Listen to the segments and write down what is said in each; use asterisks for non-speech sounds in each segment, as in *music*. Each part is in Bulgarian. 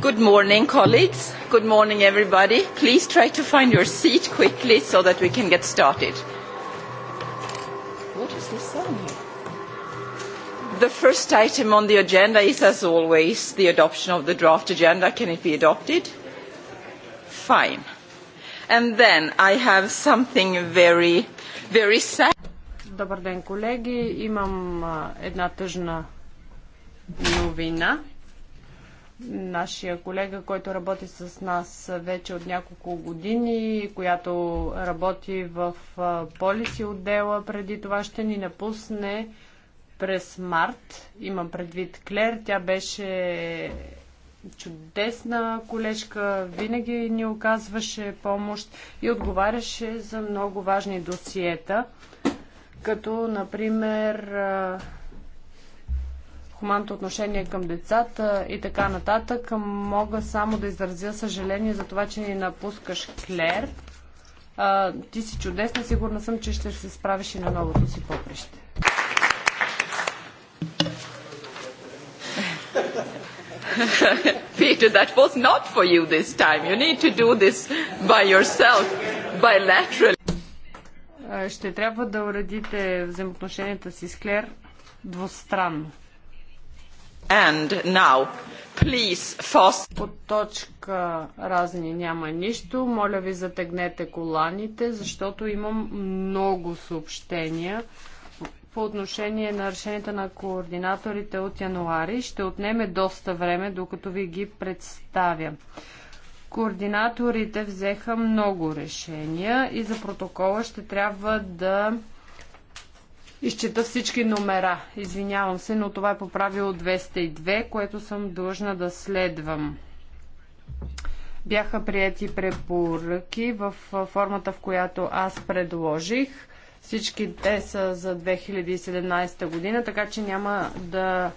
Good morning, colleagues. Good morning, everybody. Please try to find your seat quickly so that we can get started. What is this sound here? The first item on the agenda is, as always, the adoption of the draft agenda. Can it be adopted? Fine. And then I have something very, very sad. Добър ден, колеги. Имам една тъжна новина. Нашия колега, който работи с нас вече от няколко години, която работи в полиси отдела, преди това ще ни напусне през март. Имам предвид Клер. Тя беше чудесна колежка, винаги ни оказваше помощ и отговаряше за много важни досиета като например хуманното отношение към децата и така нататък. Мога само да изразя съжаление за това, че ни напускаш Клер. А, ти си чудесна, сигурна съм, че ще се справиш и на новото си поприще. Peter, that was not for you this time. You need to do this by yourself, bilaterally ще трябва да уредите взаимоотношенията си с Клер двустранно. And now, please, fast. Под точка разни няма нищо. Моля ви, затегнете коланите, защото имам много съобщения по отношение на решенията на координаторите от януари. Ще отнеме доста време, докато ви ги представя. Координаторите взеха много решения и за протокола ще трябва да изчета всички номера. Извинявам се, но това е по правило 202, което съм длъжна да следвам. Бяха прияти препоръки в формата, в която аз предложих. Всички те са за 2017 година, така че няма да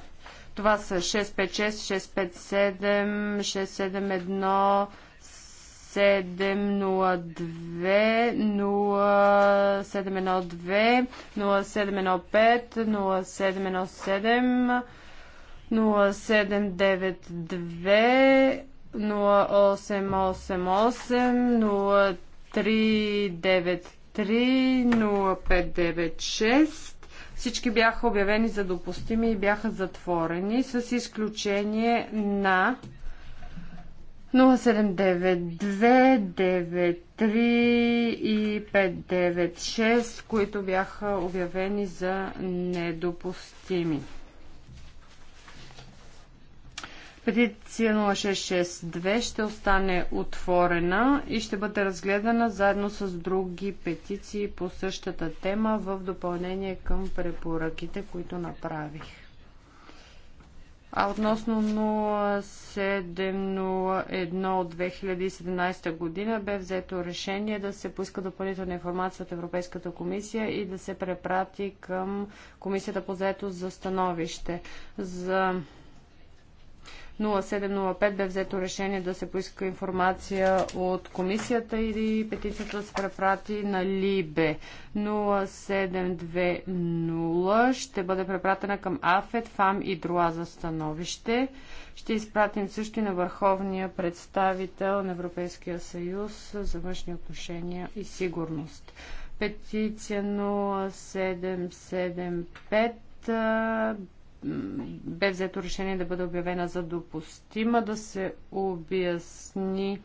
това са 656, 657, 671, 702, 0705, 0797, 0792, 0888, 0393, 0596. Всички бяха обявени за допустими и бяха затворени, с изключение на 079293 и 596, които бяха обявени за недопустими. Петиция 0662 ще остане отворена и ще бъде разгледана заедно с други петиции по същата тема в допълнение към препоръките, които направих. А относно 0701 от 2017 година бе взето решение да се поиска допълнителна информация от Европейската комисия и да се препрати към Комисията по заето за становище. За 0705 бе взето решение да се поиска информация от комисията или петицията да се препрати на Либе. 0720 ще бъде препратена към АФЕТ, ФАМ и ДРУА за становище. Ще изпратим също и на върховния представител на Европейския съюз за външни отношения и сигурност. Петиция 0775 бе взето решение да бъде обявена за допустима, да се обясни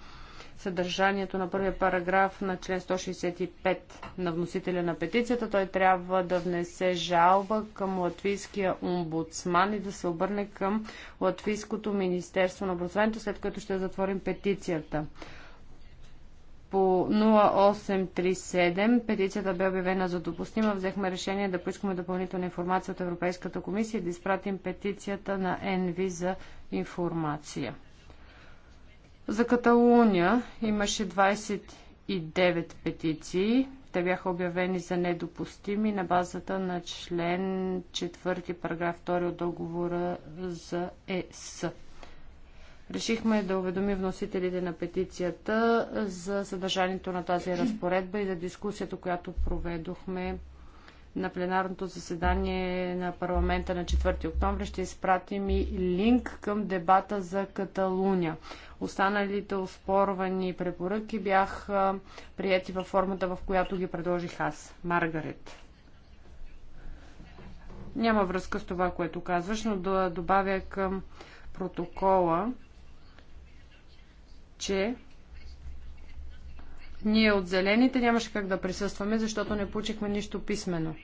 съдържанието на първия параграф на член 165 на вносителя на петицията. Той трябва да внесе жалба към латвийския омбудсман и да се обърне към Латвийското министерство на образованието, след което ще затворим петицията по 0837 петицията бе обявена за допустима, взехме решение да поискаме допълнителна информация от Европейската комисия и да изпратим петицията на НВ за информация. За Каталуния имаше 29 петиции. Те бяха обявени за недопустими на базата на член 4, параграф 2 от договора за ЕС. Решихме да уведоми вносителите на петицията за съдържанието на тази разпоредба и за дискусията, която проведохме на пленарното заседание на парламента на 4 октомври ще изпратим и линк към дебата за Каталуния. Останалите оспорвани препоръки бяха прияти във формата, в която ги предложих аз, Маргарет. Няма връзка с това, което казваш, но да добавя към протокола, че ние от зелените нямаше как да присъстваме, защото не получихме нищо писмено.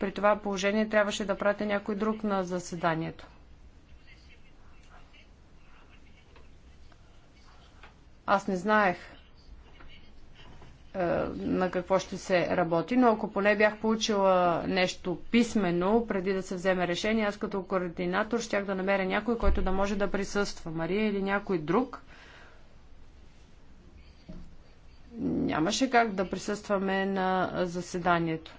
При това положение трябваше да пратя някой друг на заседанието. Аз не знаех е, на какво ще се работи, но ако поне бях получила нещо писмено, преди да се вземе решение, аз като координатор щях да намеря някой, който да може да присъства. Мария или някой друг – нямаше как да присъстваме на заседанието.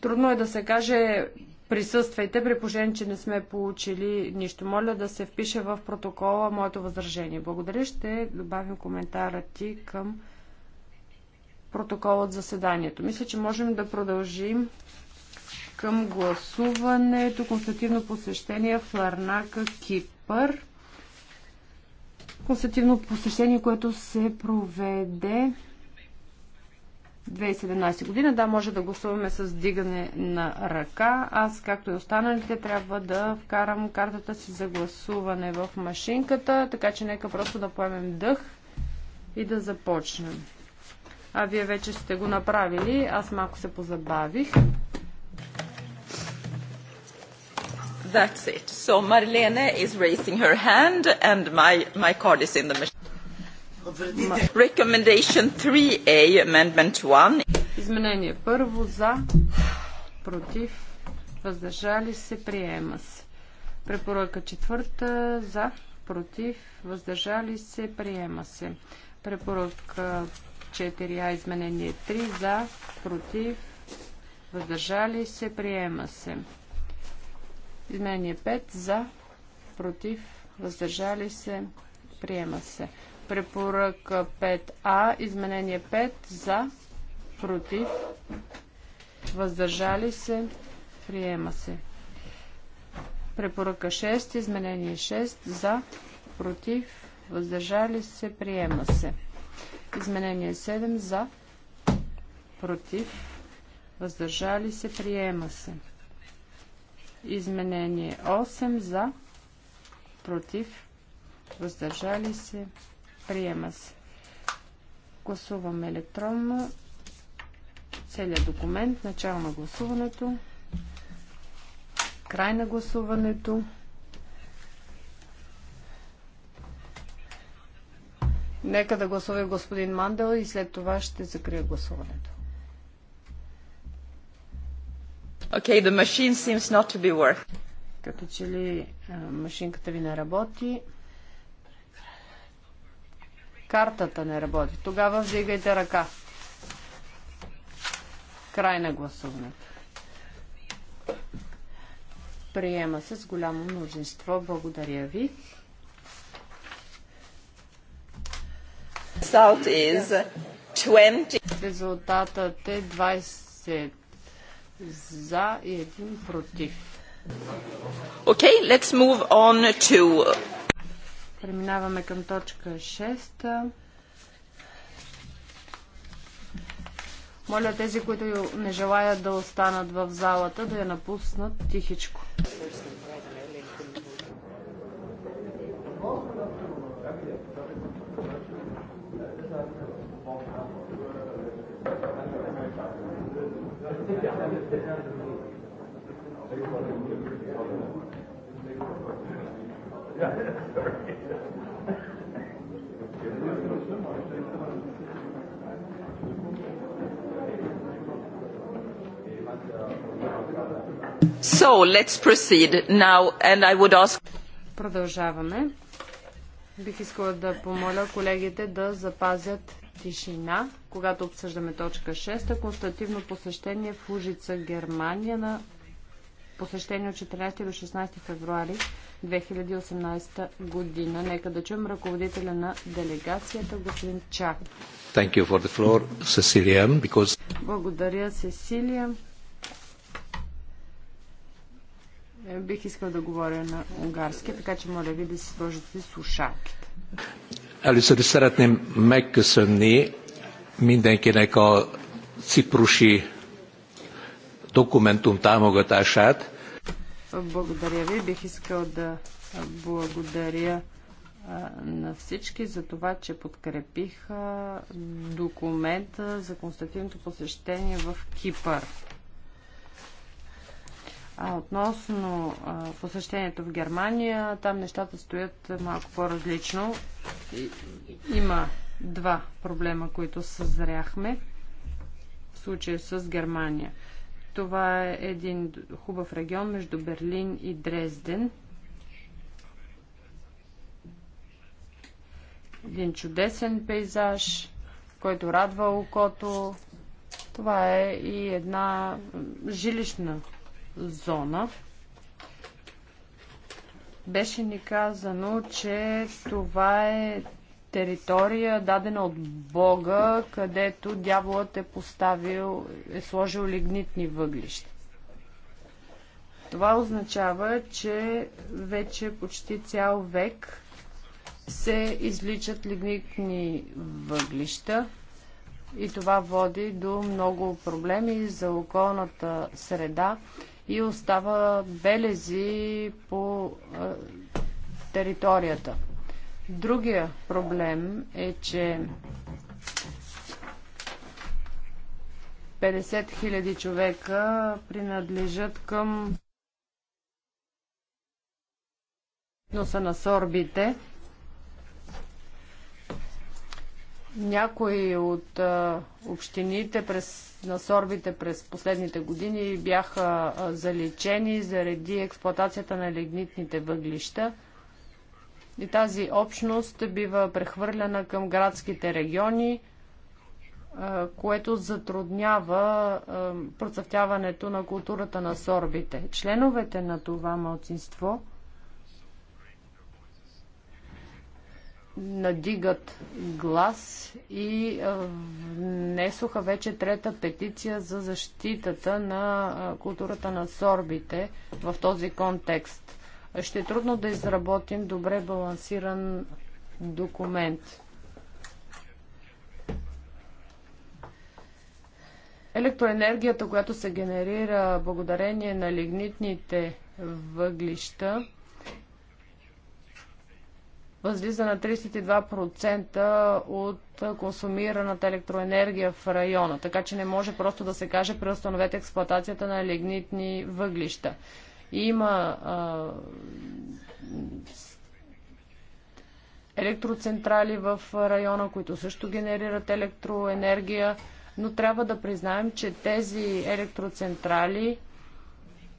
Трудно е да се каже присъствайте, при положение, че не сме получили нищо. Моля да се впише в протокола моето възражение. Благодаря. Ще добавим коментара ти към протокол от заседанието. Мисля, че можем да продължим към гласуването. Констативно посещение в Ларнака, Кипър. Констативно посещение, което се проведе 2017 година. Да, може да гласуваме с дигане на ръка. Аз, както и останалите, трябва да вкарам картата си за гласуване в машинката, така че нека просто да поемем дъх и да започнем. А вие вече сте го направили. Аз малко се позабавих. That's it. So Marlene is raising her hand and my, my card is in the machine. Recommendation 3A, Amendment 1. Изменение първо за, против, въздържали се, приема се. Препоръка четвърта за, против, въздържали се, приема се. Препоръка 4А, изменение 3 за, против, въздържали се, приема се. Изменение 5 за, против, въздържали се, приема се. Препоръка 5А, изменение 5 за, против, въздържали се, приема се. Препоръка 6, изменение 6 за, против, въздържали се, приема се. Изменение 7 за, против, въздържали се, приема се. Изменение 8 за, против, въздържали се, приема се. Гласувам електронно целият документ, начало на гласуването, край на гласуването. Нека да гласува господин Мандел и след това ще закрия гласуването. Okay, the machine seems not to be working. Като че ли машинката ви не работи. Картата не работи. Тогава вдигайте ръка. Край на гласуването. Приема се с голямо мнозинство. Благодаря ви. Резултатът е 20 за и един против. Okay, let's move on to... Преминаваме към точка 6. Моля тези, които не желаят да останат в залата, да я напуснат тихичко. So, let's proceed now, and I would ask... Продължаваме. Бих искала да помоля колегите да запазят тишина, когато обсъждаме точка 6. Констативно посещение в Ужица, Германия на посещение от 14 до 16 февруари 2018 година. Нека да чуем ръководителя на делегацията, господин Чак. Thank you for the floor, Cecilia, because... Благодаря, Сесилия. Е, бих искал да говоря на унгарски, така че моля ви да си сложите слушалките. Али са да Először мекка szeretném минденки нека ципруши документум dokumentum támogatását. Благодаря ви. Бих искал да благодаря на всички за това, че подкрепиха документа за констативното посещение в Кипър. А относно а, посещението в Германия, там нещата стоят малко по-различно. Има два проблема, които съзряхме в случая с Германия. Това е един хубав регион между Берлин и Дрезден. Един чудесен пейзаж, който радва окото. Това е и една жилищна зона. Беше ни казано, че това е територия, дадена от Бога, където дяволът е поставил, е сложил лигнитни въглища. Това означава, че вече почти цял век се изличат лигнитни въглища и това води до много проблеми за околната среда и остава белези по територията. Другия проблем е, че 50 000 човека принадлежат към носа на сорбите. Някои от а, общините през, на сорбите през последните години бяха а, заличени заради експлоатацията на лигнитните въглища. И тази общност бива прехвърляна към градските региони, което затруднява процъфтяването на културата на сорбите. Членовете на това младсинство надигат глас и внесоха вече трета петиция за защитата на културата на сорбите в този контекст ще е трудно да изработим добре балансиран документ. Електроенергията, която се генерира благодарение на лигнитните въглища, възлиза на 32% от консумираната електроенергия в района. Така че не може просто да се каже преустановете експлоатацията на лигнитни въглища. Има а, електроцентрали в района, които също генерират електроенергия, но трябва да признаем, че тези електроцентрали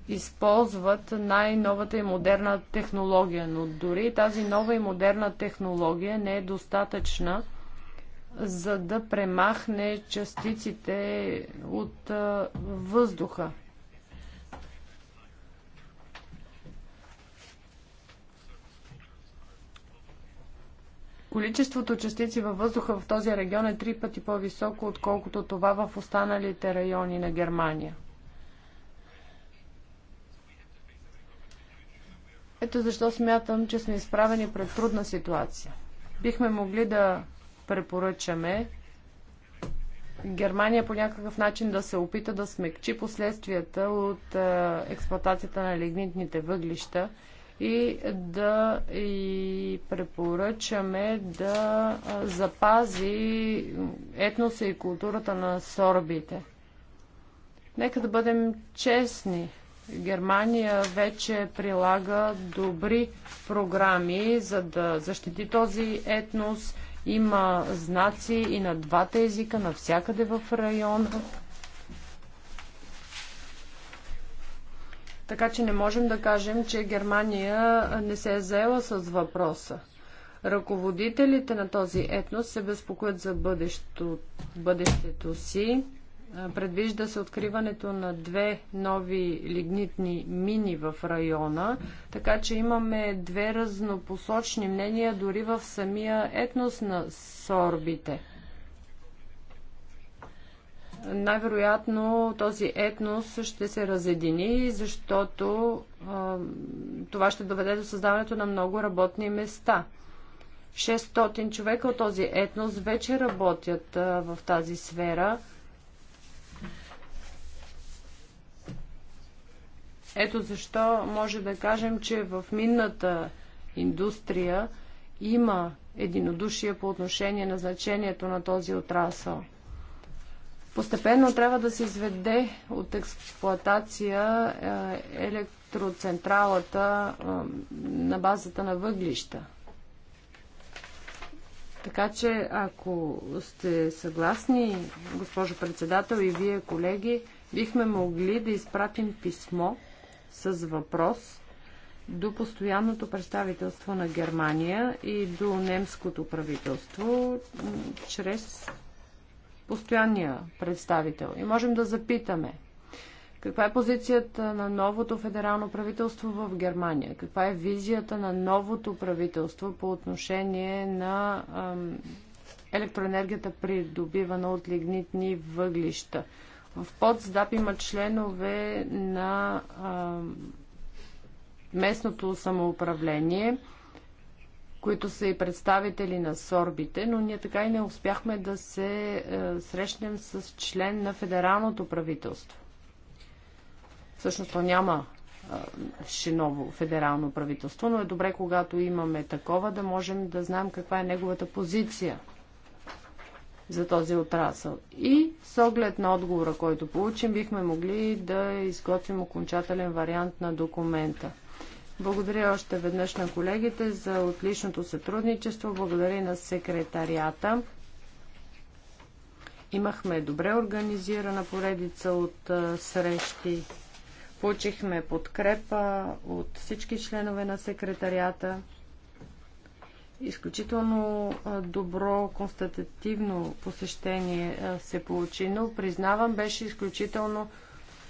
използват най-новата и модерна технология, но дори тази нова и модерна технология не е достатъчна за да премахне частиците от въздуха. Количеството частици във въздуха в този регион е три пъти по-високо, отколкото това в останалите райони на Германия. Ето защо смятам, че сме изправени пред трудна ситуация. Бихме могли да препоръчаме Германия по някакъв начин да се опита да смекчи последствията от е, експлоатацията на лигнитните въглища и да и препоръчаме да запази етноса и културата на сорбите. Нека да бъдем честни. Германия вече прилага добри програми, за да защити този етнос. Има знаци и на двата езика навсякъде в района Така че не можем да кажем, че Германия не се е заела с въпроса. Ръководителите на този етнос се безпокоят за бъдещето, бъдещето си. Предвижда се откриването на две нови лигнитни мини в района, така че имаме две разнопосочни мнения дори в самия етнос на сорбите – най-вероятно този етнос ще се разедини, защото а, това ще доведе до създаването на много работни места. 600 човека от този етнос вече работят а, в тази сфера. Ето защо може да кажем, че в минната индустрия има единодушие по отношение на значението на този отрасъл. Постепенно трябва да се изведе от експлоатация е, електроцентралата е, на базата на въглища. Така че, ако сте съгласни, госпожо председател и вие, колеги, бихме могли да изпратим писмо с въпрос до постоянното представителство на Германия и до немското правителство чрез постоянния представител. И можем да запитаме каква е позицията на новото федерално правителство в Германия, каква е визията на новото правителство по отношение на ам, електроенергията, придобивана от лигнитни въглища. В подздап има членове на ам, местното самоуправление които са и представители на сорбите, но ние така и не успяхме да се е, срещнем с член на федералното правителство. Всъщност то няма шиново е, федерално правителство, но е добре, когато имаме такова, да можем да знаем каква е неговата позиция за този отрасъл. И с оглед на отговора, който получим, бихме могли да изготвим окончателен вариант на документа. Благодаря още веднъж на колегите за отличното сътрудничество. Благодаря на секретарията. Имахме добре организирана поредица от срещи. Получихме подкрепа от всички членове на секретарията. Изключително добро констатативно посещение се получи, но признавам, беше изключително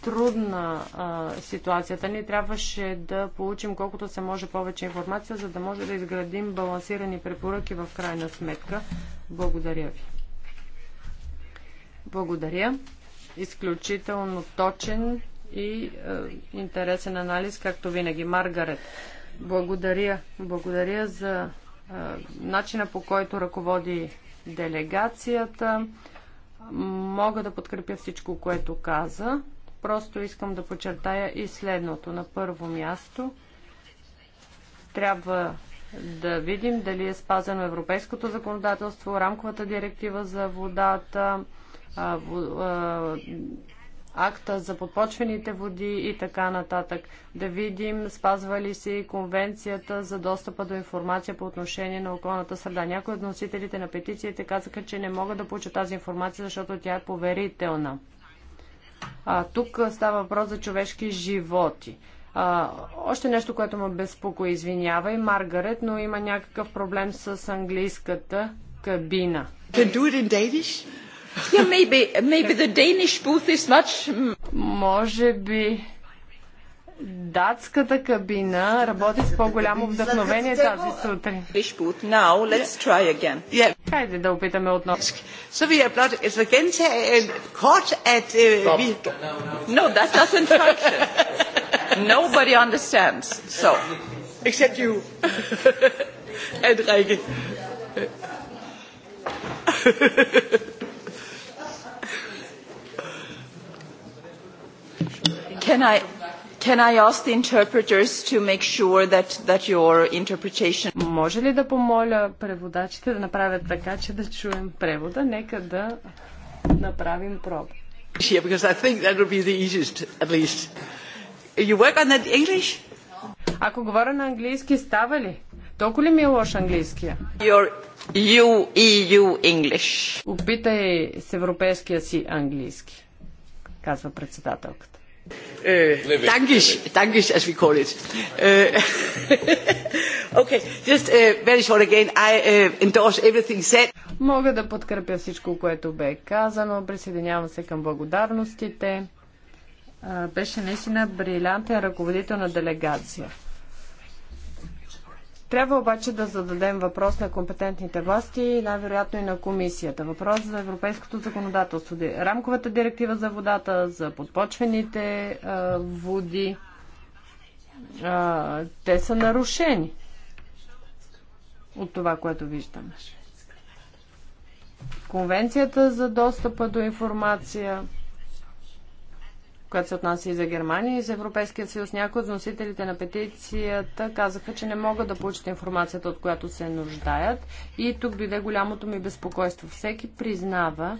трудна а, ситуацията Ние Трябваше да получим колкото се може повече информация, за да може да изградим балансирани препоръки в крайна сметка. Благодаря ви. Благодаря. Изключително точен и а, интересен анализ, както винаги. Маргарет, благодаря. Благодаря за а, начина по който ръководи делегацията. Мога да подкрепя всичко, което каза. Просто искам да подчертая и следното. На първо място трябва да видим дали е спазено европейското законодателство, рамковата директива за водата, акта за подпочвените води и така нататък. Да видим спазва ли се и конвенцията за достъпа до информация по отношение на околната среда. Някои от носителите на петициите казаха, че не могат да получат тази информация, защото тя е поверителна. А, тук става въпрос за човешки животи. А, още нещо, което ме безпокои, извинява и Маргарет, но има някакъв проблем с английската кабина. Yeah, maybe, maybe much... Може би датската кабина работи с по-голямо вдъхновение тази сутрин. Хайде да опитаме отново. Så vil jeg blot altså, gentage kort, at uh, vi... No, that doesn't function. Nobody understands. So. Except you. and Rikke. Can I... Can I ask the interpreters to make sure that, that your interpretation... Може ли да помоля преводачите да направят така, че да чуем превода? Нека да направим проба. Yeah, because I think that would be the easiest, at least. You work on that English? Ако говоря на английски, става ли? Толкова ли ми е лош английския? Your EU, e English. Опитай с европейския си английски, казва председателката. Äh, as we call it. Äh, *laughs* okay, just uh, very short again. I uh, endorse everything said. Мога да подкрепя всичко, което бе казано. Присъединявам се към благодарностите. Е, беше наистина брилянтен ръководител на делегация. Трябва обаче да зададем въпрос на компетентните власти и най-вероятно и на комисията. Въпрос за европейското законодателство. Рамковата директива за водата, за подпочвените води, те са нарушени от това, което виждаме. Конвенцията за достъпа до информация – която се отнася и за Германия и за Европейския съюз. Някои от носителите на петицията казаха, че не могат да получат информацията, от която се нуждаят. И тук дойде голямото ми безпокойство. Всеки признава,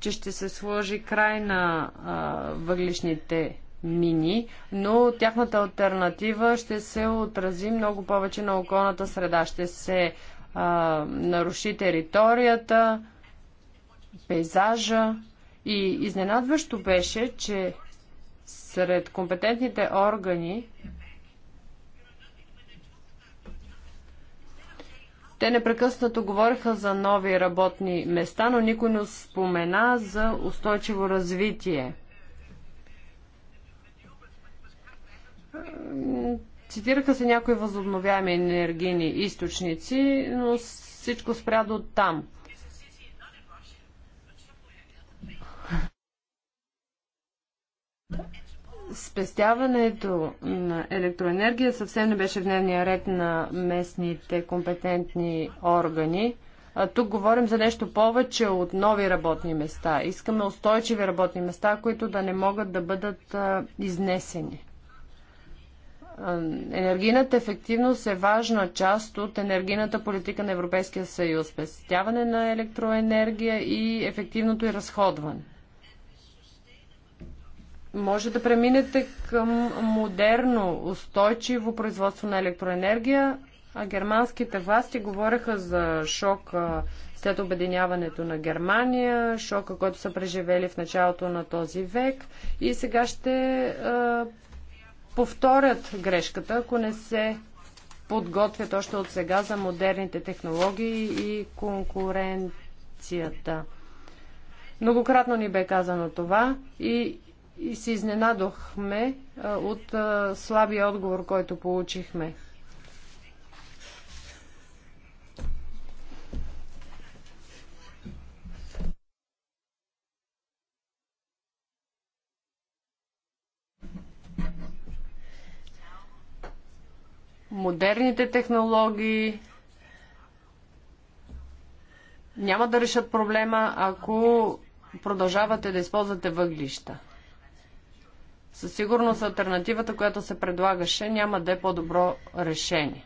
че ще се сложи край на а, въглишните мини, но тяхната альтернатива ще се отрази много повече на околната среда. Ще се а, наруши територията, пейзажа и изненадващо беше, че сред компетентните органи Те непрекъснато говориха за нови работни места, но никой не спомена за устойчиво развитие. Цитираха се някои възобновяеми енергийни източници, но всичко спря до там. спестяването на електроенергия съвсем не беше в дневния ред на местните компетентни органи. А тук говорим за нещо повече от нови работни места. Искаме устойчиви работни места, които да не могат да бъдат а, изнесени. Енергийната ефективност е важна част от енергийната политика на Европейския съюз. Спестяване на електроенергия и ефективното и разходване може да преминете към модерно, устойчиво производство на електроенергия. А германските власти говореха за шок след обединяването на Германия, шока, който са преживели в началото на този век. И сега ще а, повторят грешката, ако не се подготвят още от сега за модерните технологии и конкуренцията. Многократно ни бе казано това и и се изненадохме от слабия отговор, който получихме. модерните технологии няма да решат проблема, ако продължавате да използвате въглища. Със сигурност альтернативата, която се предлагаше, няма да е по-добро решение.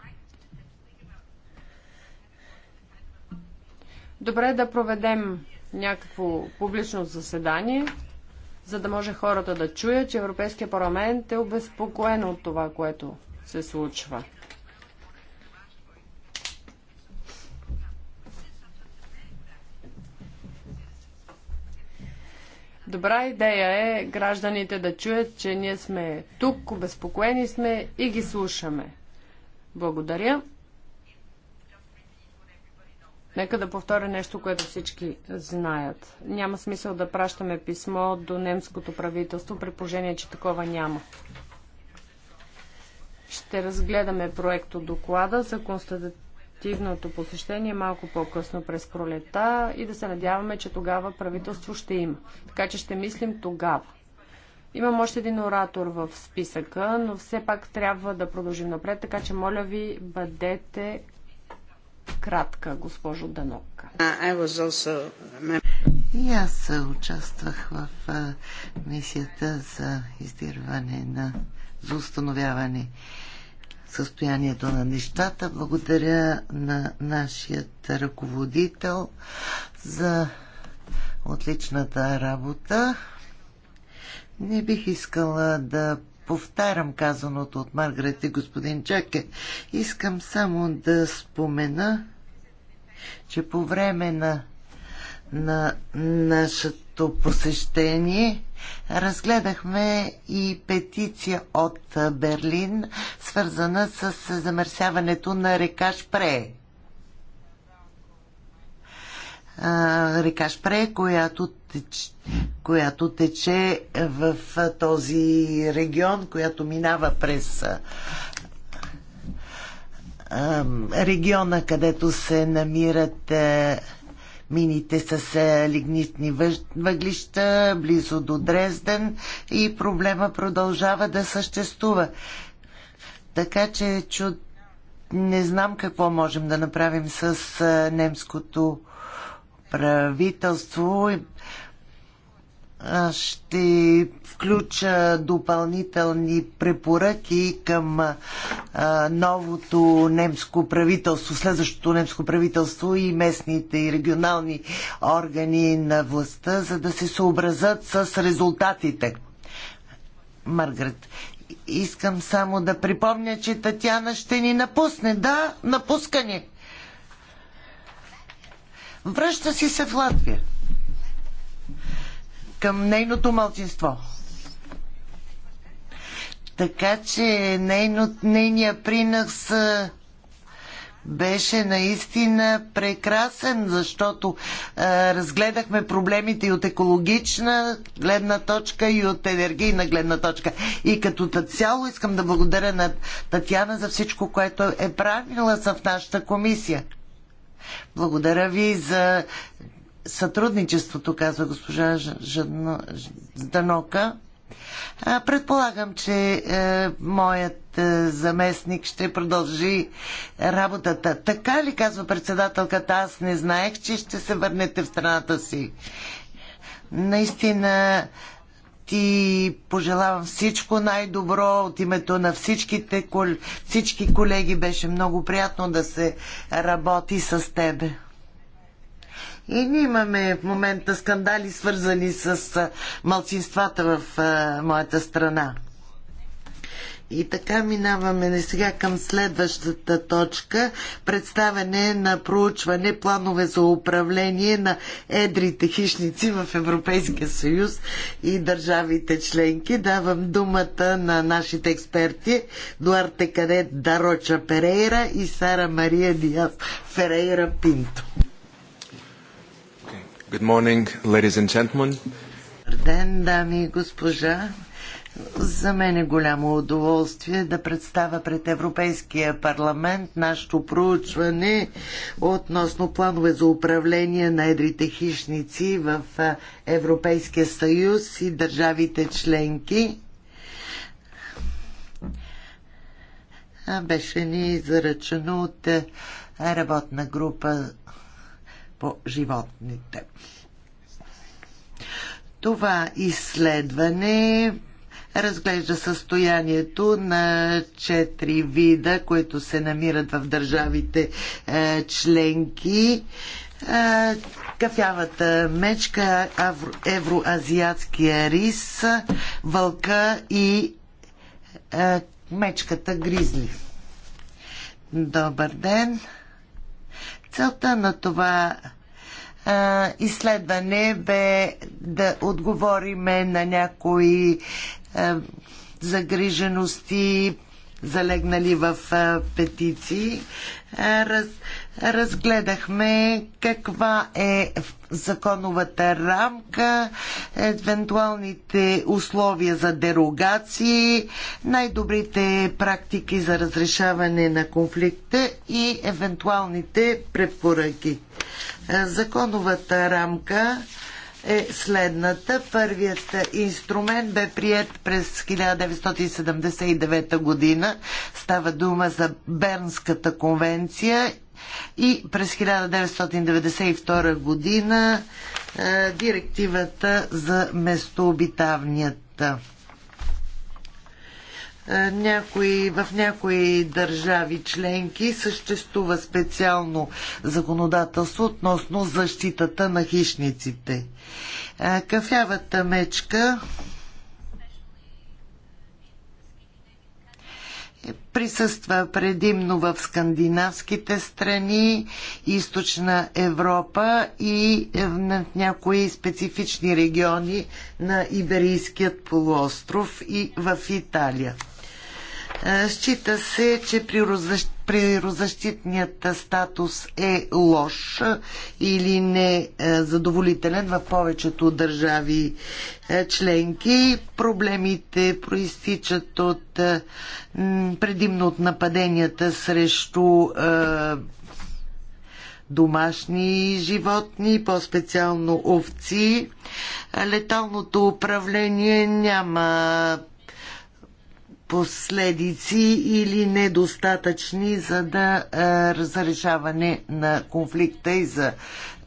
Добре е да проведем някакво публично заседание, за да може хората да чуят, че Европейския парламент е обезпокоен от това, което се случва. Добра идея е гражданите да чуят, че ние сме тук, обезпокоени сме и ги слушаме. Благодаря. Нека да повторя нещо, което всички знаят. Няма смисъл да пращаме писмо до немското правителство, при положение, че такова няма. Ще разгледаме проекто доклада за констатативни активното посещение малко по-късно през пролета и да се надяваме, че тогава правителство ще има. Така че ще мислим тогава. Имам още един оратор в списъка, но все пак трябва да продължим напред, така че моля ви, бъдете кратка, госпожо Данокка. Uh, и аз участвах в мисията за издирване на за установяване състоянието на нещата. Благодаря на нашият ръководител за отличната работа. Не бих искала да повтарям казаното от Маргарет и господин Чаке. Искам само да спомена, че по време на на нашето посещение разгледахме и петиция от Берлин, свързана с замърсяването на река Шпре. Река Шпре, която тече, която тече в този регион, която минава през региона, където се намират мините с лигнитни въглища близо до Дрезден и проблема продължава да съществува. Така че чу не знам какво можем да направим с немското правителство ще включа допълнителни препоръки към новото немско правителство, следващото немско правителство и местните и регионални органи на властта, за да се съобразят с резултатите. Маргарет, искам само да припомня, че Татяна ще ни напусне. Да, напускане. Връща си се в Латвия към нейното мълчинство. Така че нейно, нейния принос беше наистина прекрасен, защото а, разгледахме проблемите и от екологична гледна точка, и от енергийна гледна точка. И като цяло искам да благодаря на Татьяна за всичко, което е правила в нашата комисия. Благодаря ви за сътрудничеството, казва госпожа Жданока. Предполагам, че е, моят е, заместник ще продължи работата. Така ли, казва председателката, аз не знаех, че ще се върнете в страната си. Наистина ти пожелавам всичко най-добро от името на всичките, всички колеги. Беше много приятно да се работи с тебе. И ние имаме в момента скандали, свързани с малцинствата в а, моята страна. И така минаваме сега към следващата точка. Представяне на проучване планове за управление на едрите хищници в Европейския съюз и държавите членки. Давам думата на нашите експерти Дуарте Кадет Дароча Перейра и Сара Мария Диас Ферейра Пинто. Good morning, ladies and gentlemen. Ден, дами и госпожа. За мен е голямо удоволствие да представя пред Европейския парламент нашето проучване относно планове за управление на едрите хищници в Европейския съюз и държавите членки. Беше ни заръчено от работна група по животните. Това изследване разглежда състоянието на четири вида, които се намират в държавите е, членки. Е, кафявата мечка, евроазиатския рис, вълка и е, мечката гризли. Добър ден! Целта на това а, изследване бе да отговориме на някои а, загрижености, залегнали в а, петиции. Раз, разгледахме каква е законовата рамка, евентуалните условия за дерогации, най-добрите практики за разрешаване на конфликта и евентуалните препоръки. Законовата рамка е следната. Първият инструмент бе прият през 1979 година. Става дума за Бернската конвенция и през 1992 година е, директивата за местообитавнията. Е, някои, в някои държави членки съществува специално законодателство относно защитата на хищниците. Е, кафявата мечка присъства предимно в скандинавските страни, източна Европа и в е, някои специфични региони на Иберийският полуостров и в Италия. Е, счита се, че при природозащитният статус е лош или не е, задоволителен в повечето държави е, членки. Проблемите проистичат от е, предимно от нападенията срещу домашни животни, по-специално овци. Леталното управление няма последици или недостатъчни за, да, за решаване на конфликта и за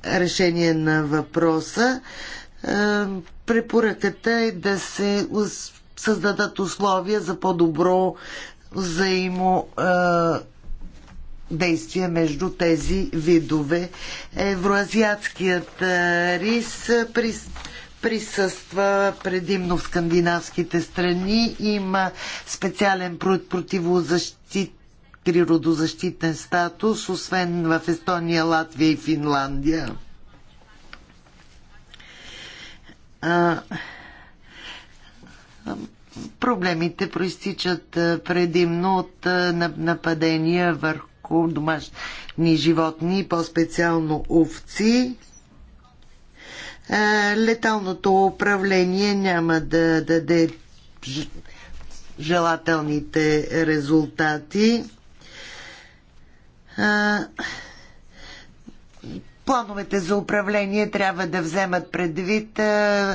решение на въпроса. Препоръката е да се създадат условия за по-добро взаимо между тези видове. Евроазиатският рис при присъства предимно в скандинавските страни. Има специален противозащит природозащитен статус, освен в Естония, Латвия и Финландия. А, проблемите проистичат предимно от нападения върху домашни животни, по-специално овци. Е, леталното управление няма да даде желателните резултати. Е, плановете за управление трябва да вземат предвид е,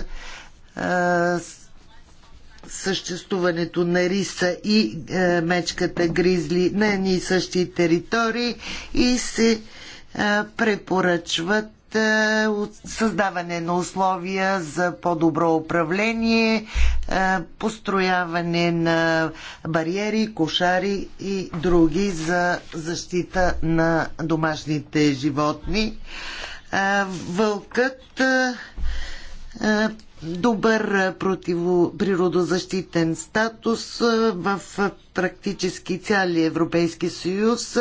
съществуването на риса и мечката гризли на едни и същи територии и се препоръчват е, създаване на условия за по-добро управление, е, построяване на бариери, кошари и други за защита на домашните животни. Е, вълкът добър противоприродозащитен статус в практически цяли Европейски съюз.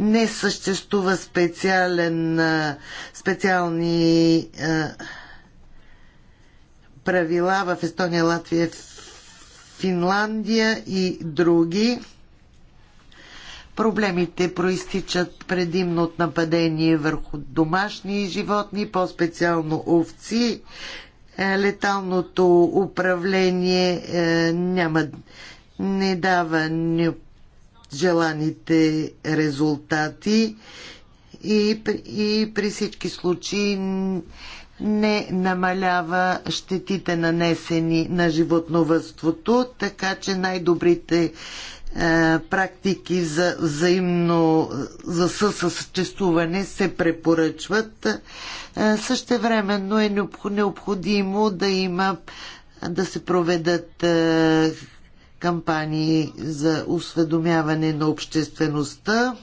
Не съществува специален, специални правила в Естония, Латвия, Финландия и други. Проблемите проистичат предимно от нападение върху домашни животни, по-специално овци е, леталното управление е, няма, не дава желаните резултати и, и при всички случаи не намалява щетите нанесени на животновътството, така че най-добрите е, практики за взаимно за съсъществуване се препоръчват. Е, същевременно е необходимо да има да се проведат е, кампании за осведомяване на обществеността.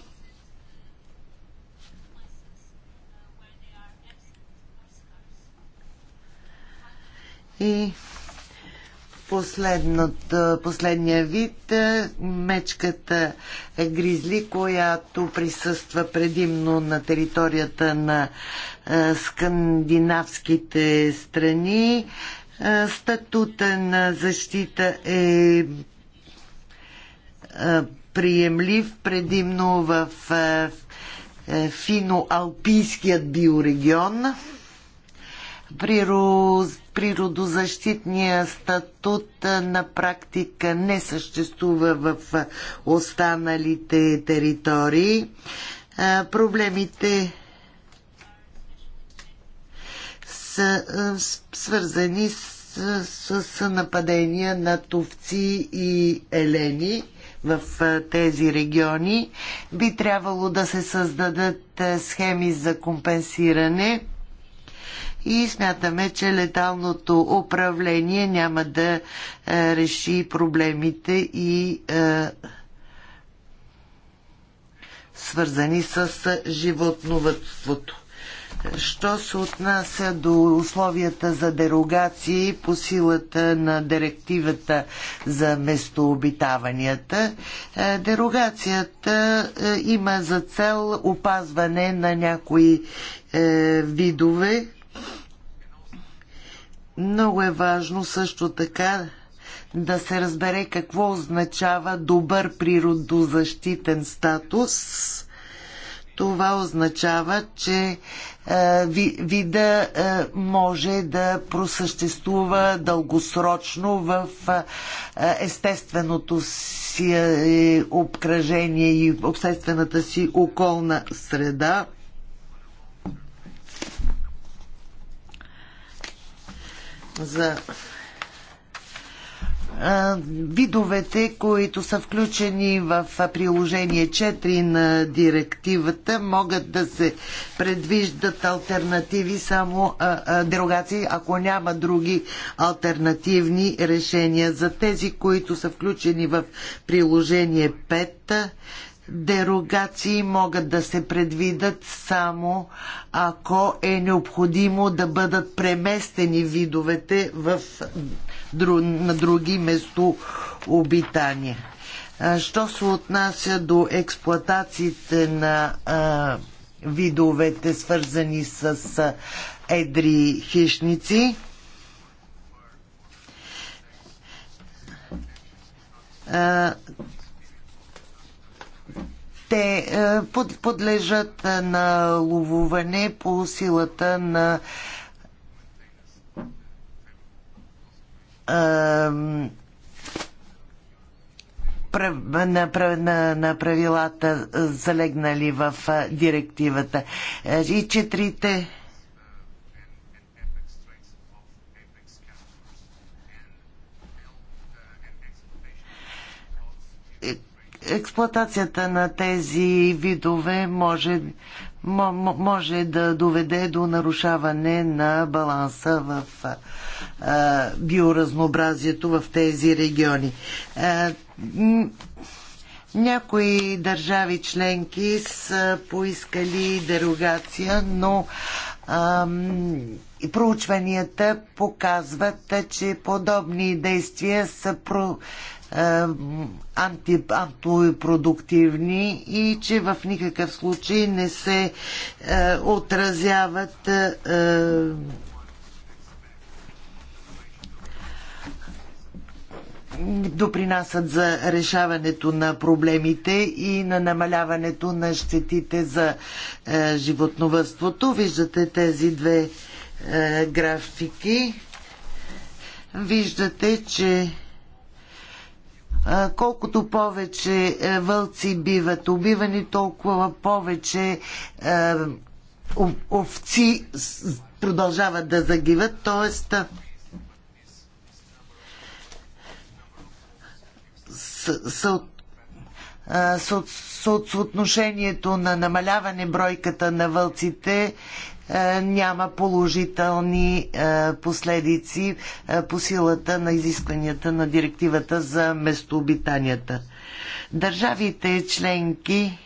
И последния вид е, мечката е гризли, която присъства предимно на територията на е, скандинавските страни. Статута на защита е приемлив предимно в фино-алпийският биорегион. Прироз природозащитния статут на практика не съществува в останалите територии. Проблемите са свързани с, с, с нападения на товци и елени в тези региони. Би трябвало да се създадат схеми за компенсиране и смятаме, че леталното управление няма да е, реши проблемите и е, свързани с животновътството. Що се отнася до условията за дерогации по силата на директивата за местообитаванията, е, дерогацията има за цел опазване на някои видове много е важно също така да се разбере какво означава добър природозащитен статус. Това означава, че е, вида е, може да просъществува дългосрочно в е, естественото си е, обкръжение и обществената си околна среда. за видовете, които са включени в приложение 4 на директивата, могат да се предвиждат альтернативи само дерогации, ако няма други альтернативни решения. За тези, които са включени в приложение 5, Дерогации могат да се предвидат само ако е необходимо да бъдат преместени видовете в, на други место обитания. Що се отнася до експлоатациите на а, видовете, свързани с а, едри хищници, а, те е, подлежат е, на ловуване по силата на е, на, правилата, залегнали в директивата. И четирите експлоатацията на тези видове може, може да доведе до нарушаване на баланса в биоразнообразието в тези региони. Някои държави членки са поискали дерогация, но ам, проучванията показват, че подобни действия са про, е, анти, антипродуктивни и че в никакъв случай не се е, отразяват е, е, допринасят за решаването на проблемите и на намаляването на щетите за е, животновътството. Виждате тези две е, графики. Виждате, че колкото повече е, вълци биват убивани, толкова повече е, овци продължават да загиват. Тоест, съотношението на намаляване бройката на вълците е, няма положителни е, последици е, по силата на изискванията на директивата за местообитанията. Държавите членки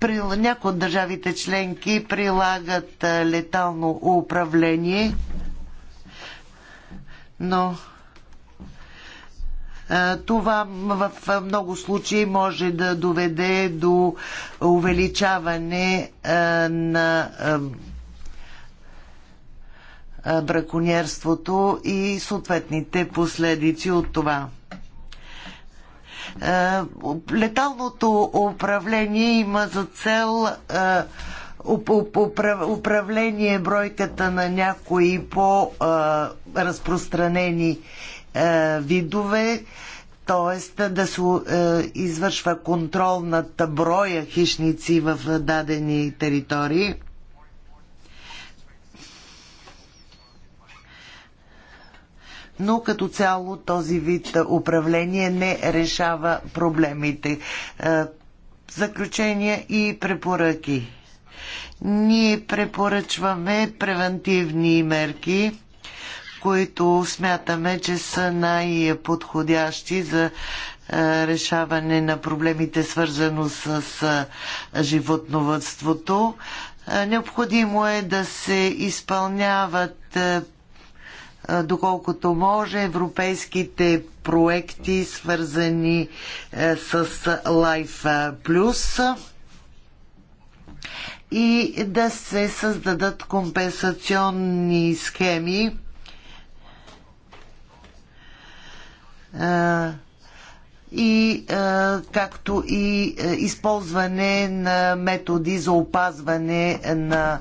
при, някои от държавите членки прилагат летално управление, но това в много случаи може да доведе до увеличаване на браконьерството и съответните последици от това. Леталното управление има за цел управление бройката на някои по-разпространени е, видове, т.е. да се е, извършва контрол над броя хищници в дадени територии. но като цяло този вид управление не решава проблемите. Е, заключения и препоръки. Ние препоръчваме превентивни мерки които смятаме, че са най-подходящи за е, решаване на проблемите, свързано с е, животновътството. Е, необходимо е да се изпълняват доколкото може европейските проекти, свързани с Life Plus и да се създадат компенсационни схеми и както и използване на методи за опазване на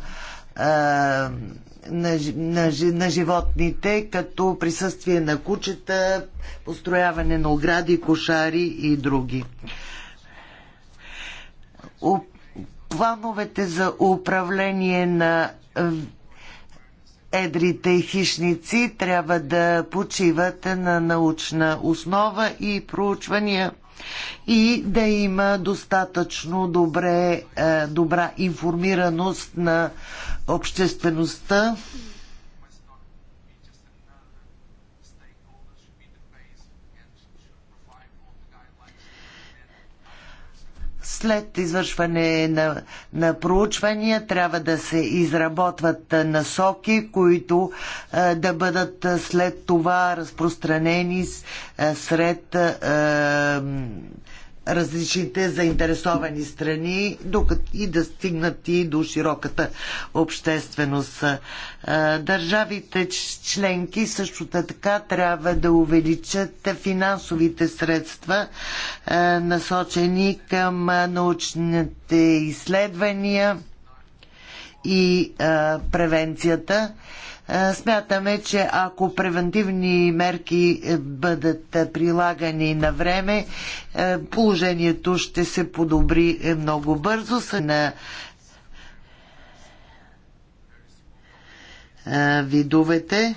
на, на, на животните, като присъствие на кучета, построяване на огради, кошари и други. Плановете за управление на едрите хищници трябва да почиват на научна основа и проучвания и да има достатъчно добре, е, добра информираност на обществеността След извършване на, на проучвания трябва да се изработват насоки, които а, да бъдат след това разпространени сред а, различните заинтересовани страни, докато и да стигнат и до широката общественост. Е, държавите членки също така трябва да увеличат финансовите средства, е, насочени към научните изследвания и е, превенцията е, смятаме, че ако превентивни мерки е, бъдат е, прилагани на време, положението ще се подобри много бързо. На видовете.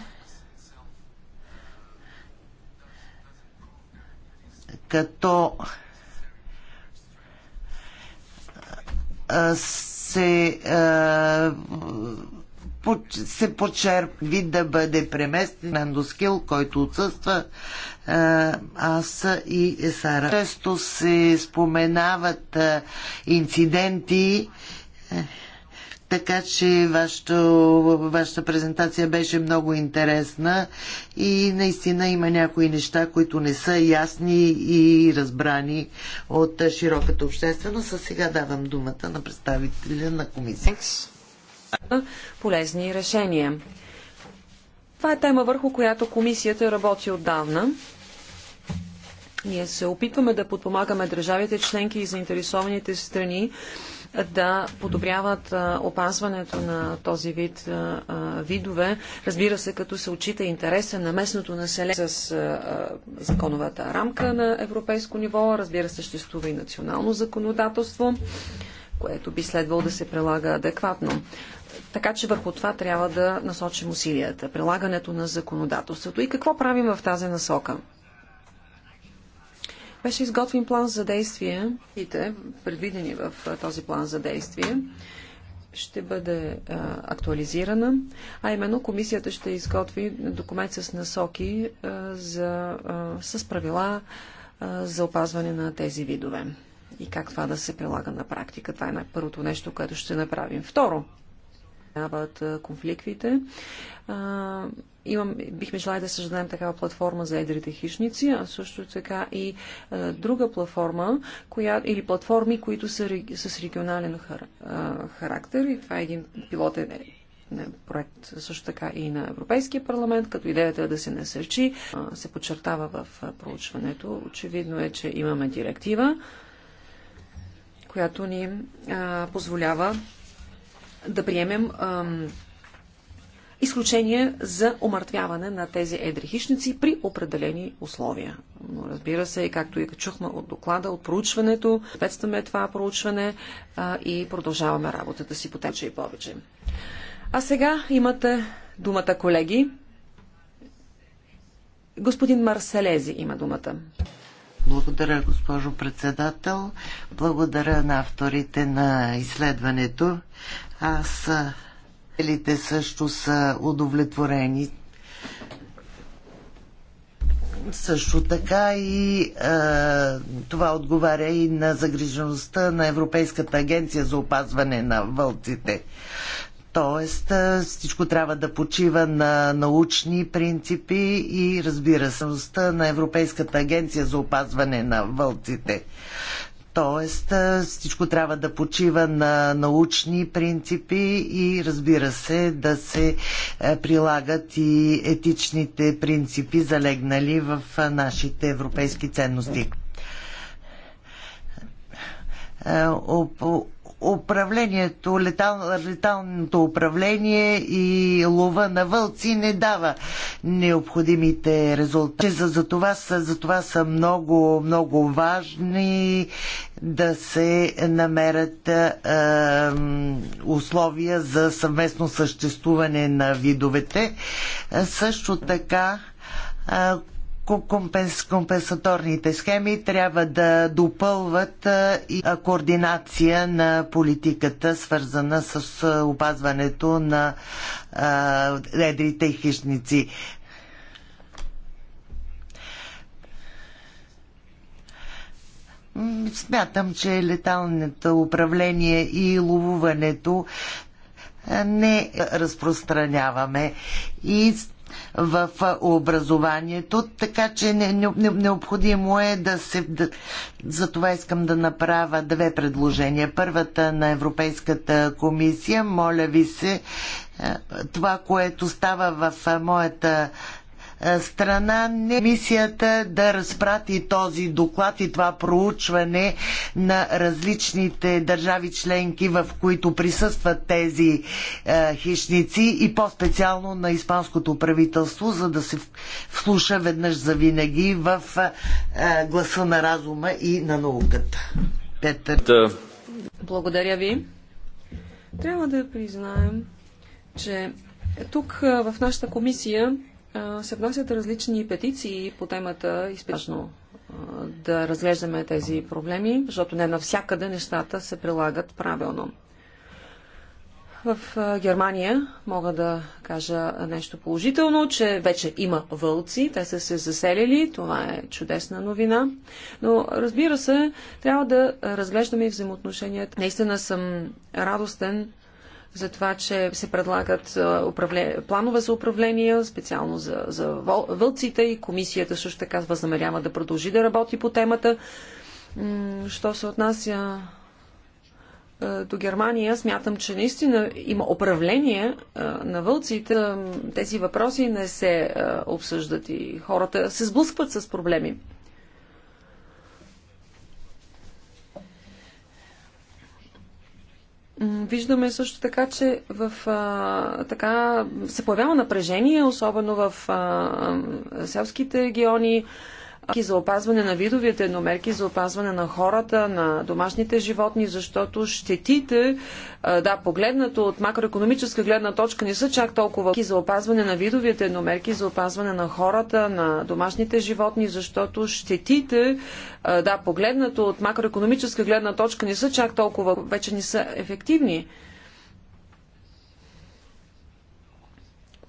Като се се почерпви да бъде преместен Андоскил, който отсъства аз и Сара. Често се споменават инциденти, е, така че вашето, вашата презентация беше много интересна и наистина има някои неща, които не са ясни и разбрани от широката общественост. А сега давам думата на представителя на комисията полезни решения. Това е тема, върху която комисията работи отдавна. Ние се опитваме да подпомагаме държавите членки и заинтересованите страни да подобряват опазването на този вид видове, разбира се, като се отчита интереса на местното население с законовата рамка на европейско ниво, разбира се, съществува и национално законодателство което би следвало да се прилага адекватно. Така че върху това трябва да насочим усилията, прилагането на законодателството. И какво правим в тази насока? Беше изготвен план за действие, и те предвидени в този план за действие, ще бъде а, актуализирана, а именно комисията ще изготви документ с насоки а, за, а, с правила а, за опазване на тези видове и как това да се прилага на практика. Това е най-първото нещо, което ще направим. Второ, решават конфликтите. А, имам, бихме желали да създадем такава платформа за едрите хищници, а също така и а, друга платформа коя, или платформи, които са с регионален хар, а, характер. И това е един пилотен е, проект също така и на Европейския парламент, като идеята е да се насърчи, се подчертава в проучването. Очевидно е, че имаме директива, която ни а, позволява да приемем изключение за омъртвяване на тези едри хищници при определени условия. Но разбира се, както и чухме от доклада, от проучването, приветстваме това проучване а, и продължаваме работата си потече и повече. А сега имате думата, колеги. Господин Марселези има думата. Благодаря, госпожо председател. Благодаря на авторите на изследването. Аз Елите също са удовлетворени. Също така и е, това отговаря и на загрижеността на Европейската агенция за опазване на вълците. Тоест, всичко трябва да почива на научни принципи и разбира се, на Европейската агенция за опазване на вълците. Тоест, всичко трябва да почива на научни принципи и разбира се да се прилагат и етичните принципи, залегнали в нашите европейски ценности управлението, летал, леталното управление и лова на вълци не дава необходимите резултати. За, за, това, са, за това са много, много важни да се намерят е, условия за съвместно съществуване на видовете. Също така компенс, компенсаторните схеми трябва да допълват и координация на политиката, свързана с опазването на едрите и хищници. Смятам, че леталното управление и ловуването не разпространяваме. И в образованието, така че не, не, не, необходимо е да се... Да, за това искам да направя две предложения. Първата на Европейската комисия, моля ви се, това, което става в моята страна не мисията да разпрати този доклад и това проучване на различните държави членки, в които присъстват тези е, хищници и по-специално на испанското правителство, за да се вслуша веднъж за винаги в е, гласа на разума и на науката. Петър. Да. Благодаря ви. Трябва да признаем, че тук е, в нашата комисия се внасят различни петиции по темата и спешно да разглеждаме тези проблеми, защото не навсякъде нещата се прилагат правилно. В Германия мога да кажа нещо положително, че вече има вълци, те са се заселили, това е чудесна новина. Но разбира се, трябва да разглеждаме и взаимоотношенията. Наистина съм радостен, за това, че се предлагат планове за управление, специално за, за вълците и комисията също така възнамерява да продължи да работи по темата. Що се отнася до Германия, смятам, че наистина има управление на вълците. Тези въпроси не се обсъждат и хората се сблъскват с проблеми. Виждаме също така, че в, а, така се появява напрежение, особено в а, селските региони за опазване на видовите, но мерки за опазване на хората, на домашните животни, защото щетите, да, погледнато от макроекономическа гледна точка, не са чак толкова за опазване на видовите, но мерки за опазване на хората, на домашните животни, защото щетите, да, погледнато от макроекономическа гледна точка, не са чак толкова, вече не са ефективни.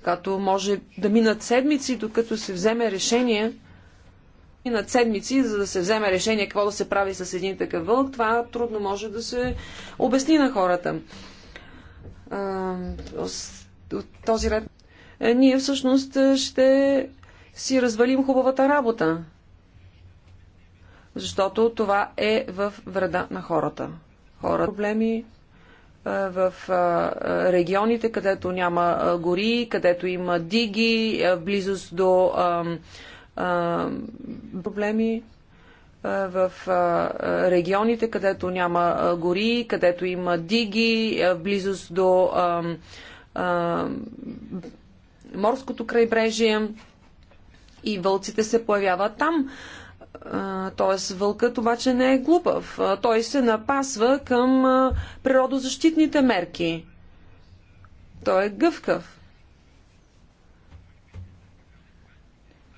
като може да минат седмици, докато се вземе решение над седмици, за да се вземе решение какво да се прави с един такъв вълк, това трудно може да се обясни на хората. От този ред е, ние всъщност е, ще си развалим хубавата работа. Защото това е в вреда на хората. Хората проблеми е, в регионите, където няма гори, където има диги, близост до проблеми в регионите, където няма гори, където има диги, в близост до морското крайбрежие и вълците се появяват там. Т.е. вълкът обаче не е глупав. Той се напасва към природозащитните мерки. Той е гъвкав.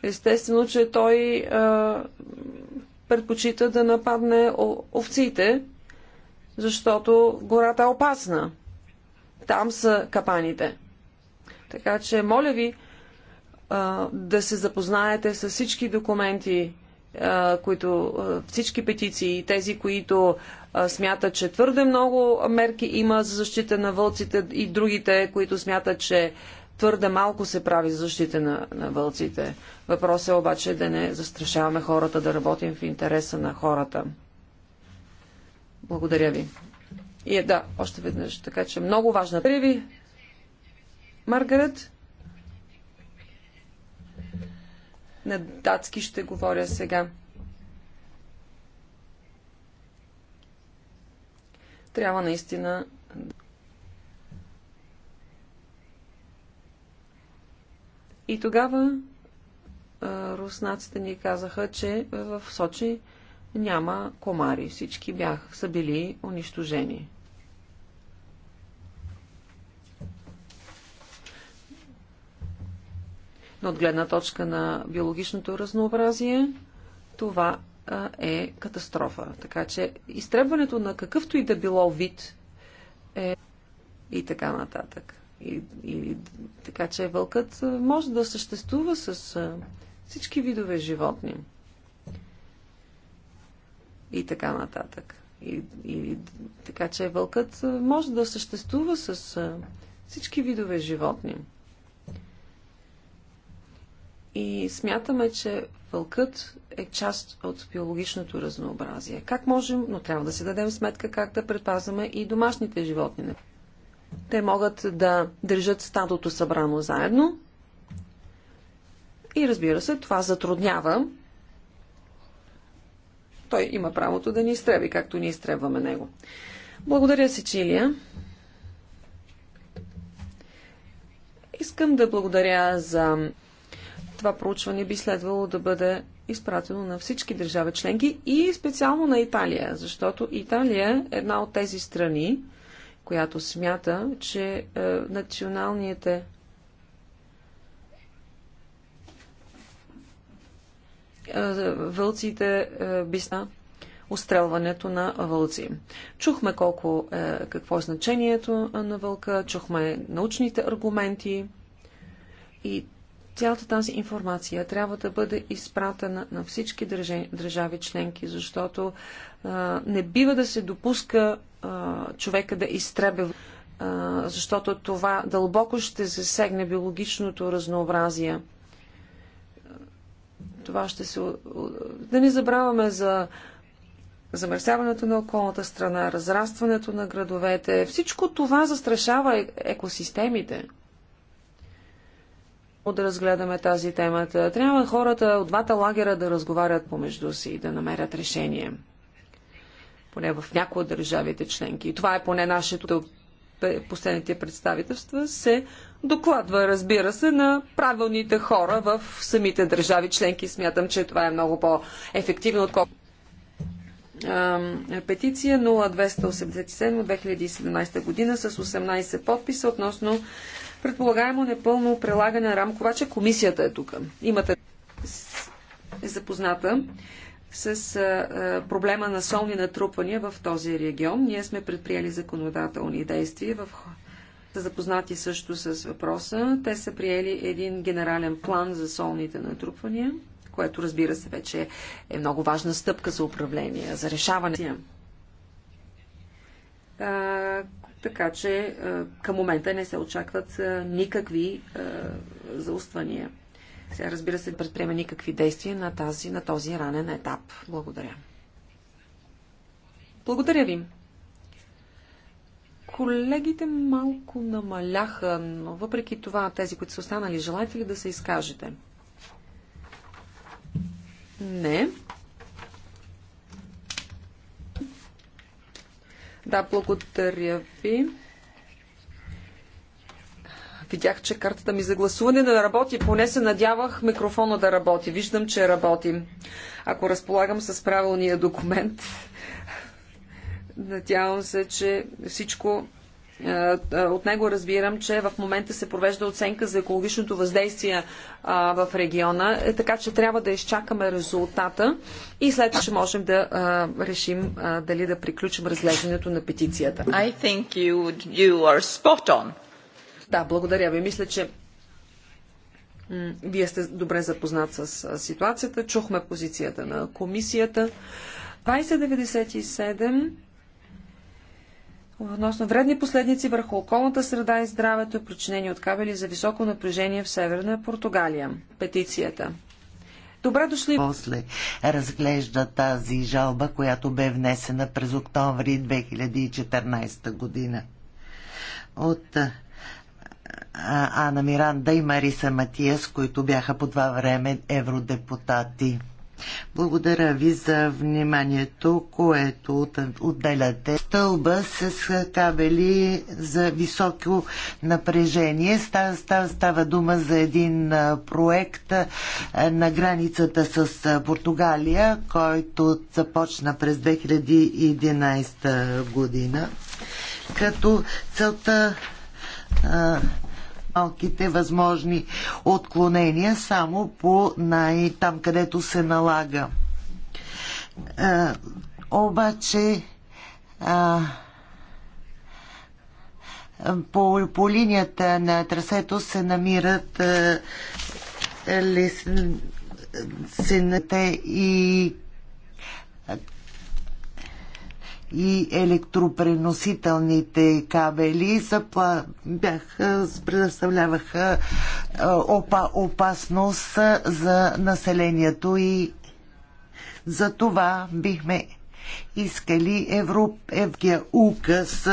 Естествено, че той а, предпочита да нападне овците, защото гората е опасна. Там са капаните. Така че, моля ви а, да се запознаете с всички документи, а, които, а, всички петиции, тези, които а, смятат, че твърде много мерки има за защита на вълците и другите, които смятат, че твърде малко се прави за защита на, на вълците. Въпросът е обаче да не застрашаваме хората, да работим в интереса на хората. Благодаря ви. И е, да, още веднъж, така че много важна. Благодаря ви, Маргарет. На датски ще говоря сега. Трябва наистина И тогава а, руснаците ни казаха, че в Сочи няма комари. Всички бях, са били унищожени. Но от гледна точка на биологичното разнообразие, това е катастрофа. Така че изтребването на какъвто и да било вид е и така нататък. И, и, така че вълкът може да съществува с а, всички видове животни. И така нататък. И, и, така че вълкът може да съществува с а, всички видове животни. И смятаме, че вълкът е част от биологичното разнообразие. Как можем, но трябва да си дадем сметка как да предпазваме и домашните животни. Те могат да държат стадото събрано заедно. И разбира се, това затруднява. Той има правото да ни изтреби, както ние изтребваме него. Благодаря, Чилия. Искам да благодаря за това проучване би следвало да бъде изпратено на всички държави членки и специално на Италия, защото Италия е една от тези страни, която смята, че е, националните е, вълците е, бисна устрелването на вълци. Чухме колко е, какво е значението на вълка, чухме научните аргументи и цялата тази информация трябва да бъде изпратена на всички държави членки, защото е, не бива да се допуска човека да изтребе, а, защото това дълбоко ще засегне биологичното разнообразие. Това ще се... Да не забравяме за замърсяването на околната страна, разрастването на градовете. Всичко това застрашава е- екосистемите да разгледаме тази темата. Трябва хората от двата лагера да разговарят помежду си и да намерят решение поне в някои от държавите членки, и това е поне нашето последните представителства, се докладва, разбира се, на правилните хора в самите държави членки. Смятам, че това е много по-ефективно, отколкото петиция 0287 от 2017 година с 18 подписа относно предполагаемо непълно прилагане на рамковача. Комисията е тук. Имате е запозната с проблема на солни натрупвания в този регион. Ние сме предприели законодателни действия в са запознати също с въпроса. Те са приели един генерален план за солните натрупвания, което разбира се вече е много важна стъпка за управление, за решаване. А, така че към момента не се очакват никакви а, зауствания. Сега разбира се, предприема никакви действия на, тази, на този ранен етап. Благодаря. Благодаря ви. Колегите малко намаляха, но въпреки това, тези, които са останали, желаете ли да се изкажете? Не. Да, благодаря ви. Видях, че картата ми за гласуване да работи. Поне се надявах микрофона да работи. Виждам, че работи. Ако разполагам с правилния документ, надявам се, че всичко е, е, от него разбирам, че в момента се провежда оценка за екологичното въздействие в региона, е, така че трябва да изчакаме резултата и след това ще можем да решим дали да приключим разглеждането на петицията. You, you да, благодаря ви. Мисля, че вие сте добре запознат с ситуацията. Чухме позицията на комисията. 2097 относно вредни последници върху околната среда и здравето, причинени от кабели за високо напрежение в Северна Португалия. Петицията. Добре дошли. После разглежда тази жалба, която бе внесена през октомври 2014 година от Ана Миранда и Мариса Матиас, които бяха по това време евродепутати. Благодаря ви за вниманието, което отделяте. Стълба с кабели за високо напрежение. Става, става, става дума за един проект на границата с Португалия, който започна през 2011 година. Като целта малките възможни отклонения само по най- там, където се налага. А, обаче а, по, по линията на трасето се намират а, лес, и и електропреносителните кабели запла... бяха, представляваха е, опа, опасност за населението и за това бихме искали Европейския указ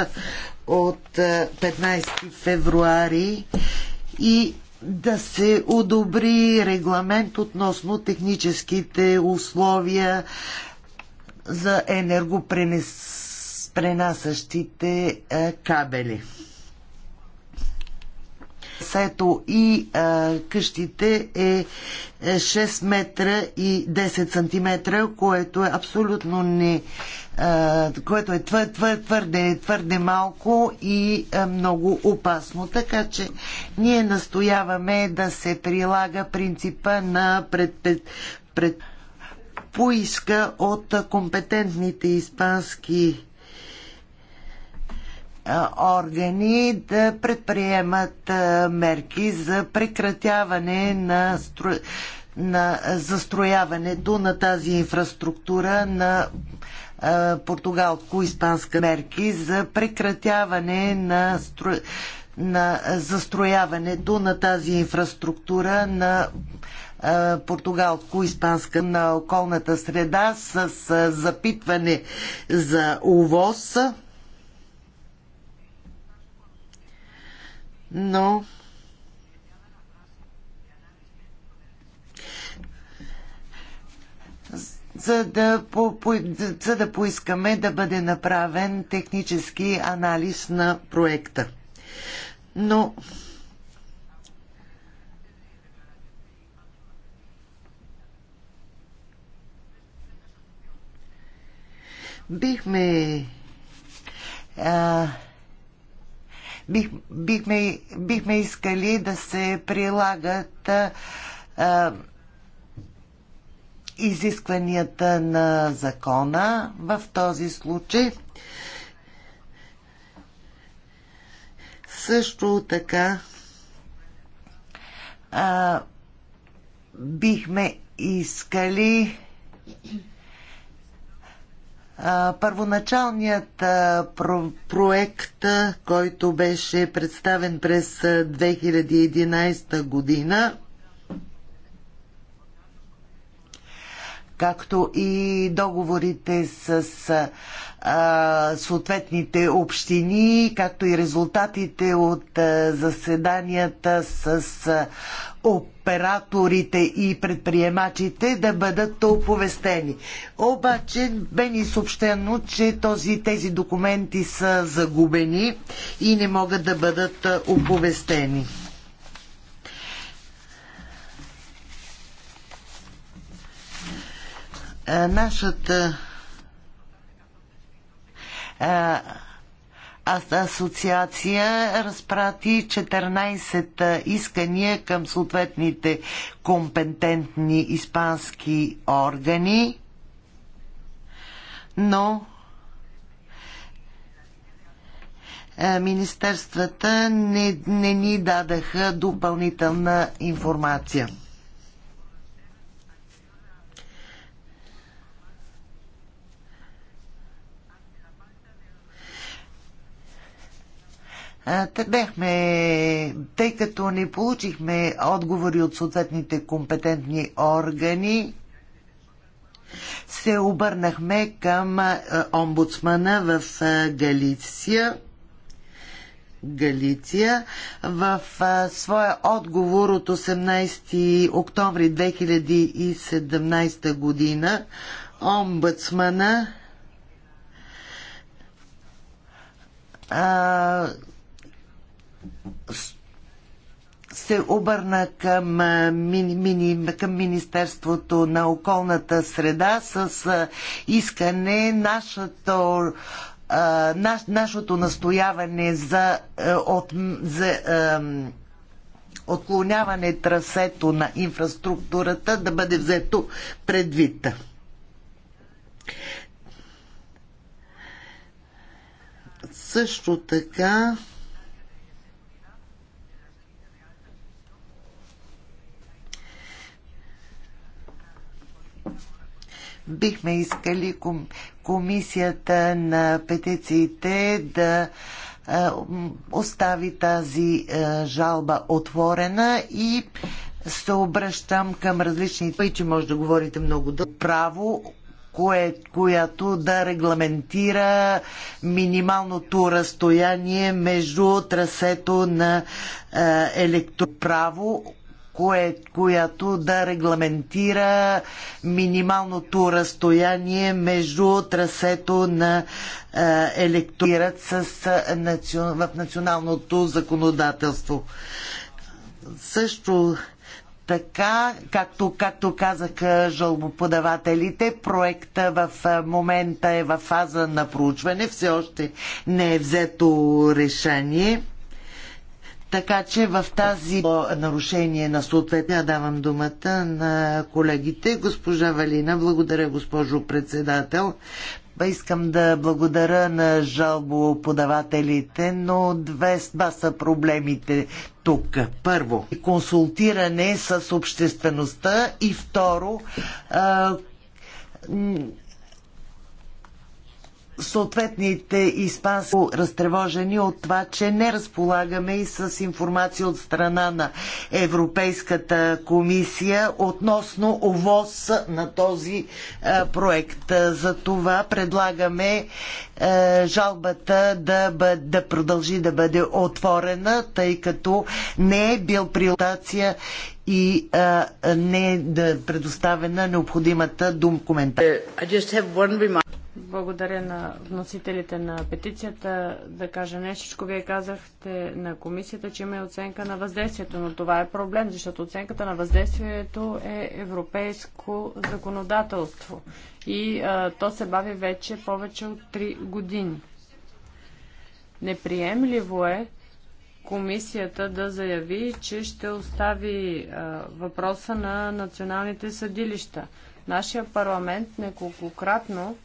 от 15 е, февруари и да се одобри регламент относно техническите условия за енергопренасящите е, кабели. Сето и а, е, къщите е 6 е метра и 10 см, което е абсолютно не. А, което е твърде, твър, твърде, твърде малко и а, много опасно. Така че ние настояваме да се прилага принципа на предпред. пред, пред поиска от компетентните испански органи да предприемат мерки за прекратяване на, на застрояването на тази инфраструктура на португалско-испанска мерки за прекратяване на, на застрояването на тази инфраструктура на португалско-испанска на околната среда с запитване за увоз. Но за да, по, по, за да поискаме да бъде направен технически анализ на проекта. Но бихме бих, бихме, бихме искали да се прилагат а, изискванията на закона в този случай. Също така а, бихме искали Първоначалният проект, който беше представен през 2011 година, както и договорите с а, съответните общини, както и резултатите от а, заседанията с а, операторите и предприемачите да бъдат оповестени. Обаче бе ни съобщено, че този, тези документи са загубени и не могат да бъдат оповестени. Нашата асоциация разпрати 14 искания към съответните компетентни испански органи, но министерствата не, не ни дадаха допълнителна информация. Те бяхме, тъй като не получихме отговори от съответните компетентни органи, се обърнахме към омбудсмана в Галиция. Галиция. В а, своя отговор от 18 октомври 2017 година омбудсмана а, се обърна към, мини, мини, към Министерството на околната среда с искане нашето, наш, нашето настояване за, от, за отклоняване трасето на инфраструктурата да бъде взето предвид. Също така бихме искали комисията на петициите да остави тази жалба отворена и се обръщам към различните, и че може да говорите много дълго право, кое, която да регламентира минималното разстояние между трасето на електроправо кое, която да регламентира минималното разстояние между трасето на е, електорират с, е, национ, в националното законодателство. Също така, както, както казаха жалбоподавателите, проекта в е, момента е в фаза на проучване, все още не е взето решение. Така че в тази нарушение на съответния давам думата на колегите. Госпожа Валина, благодаря госпожо председател. Искам да благодаря на жалбоподавателите, но две, два са проблемите тук. Първо, консултиране с обществеността и второ, съответните испански разтревожени от това, че не разполагаме и с информация от страна на Европейската комисия относно овоз на този проект. За това предлагаме жалбата да, да продължи да бъде отворена, тъй като не е бил приотация и а, не е предоставена необходимата дум коментар. Благодаря на вносителите на петицията. Да кажа всичко. вие казахте на комисията, че има и оценка на въздействието, но това е проблем, защото оценката на въздействието е европейско законодателство и а, то се бави вече повече от 3 години. Неприемливо е комисията да заяви, че ще остави а, въпроса на националните съдилища. Нашия парламент неколкократно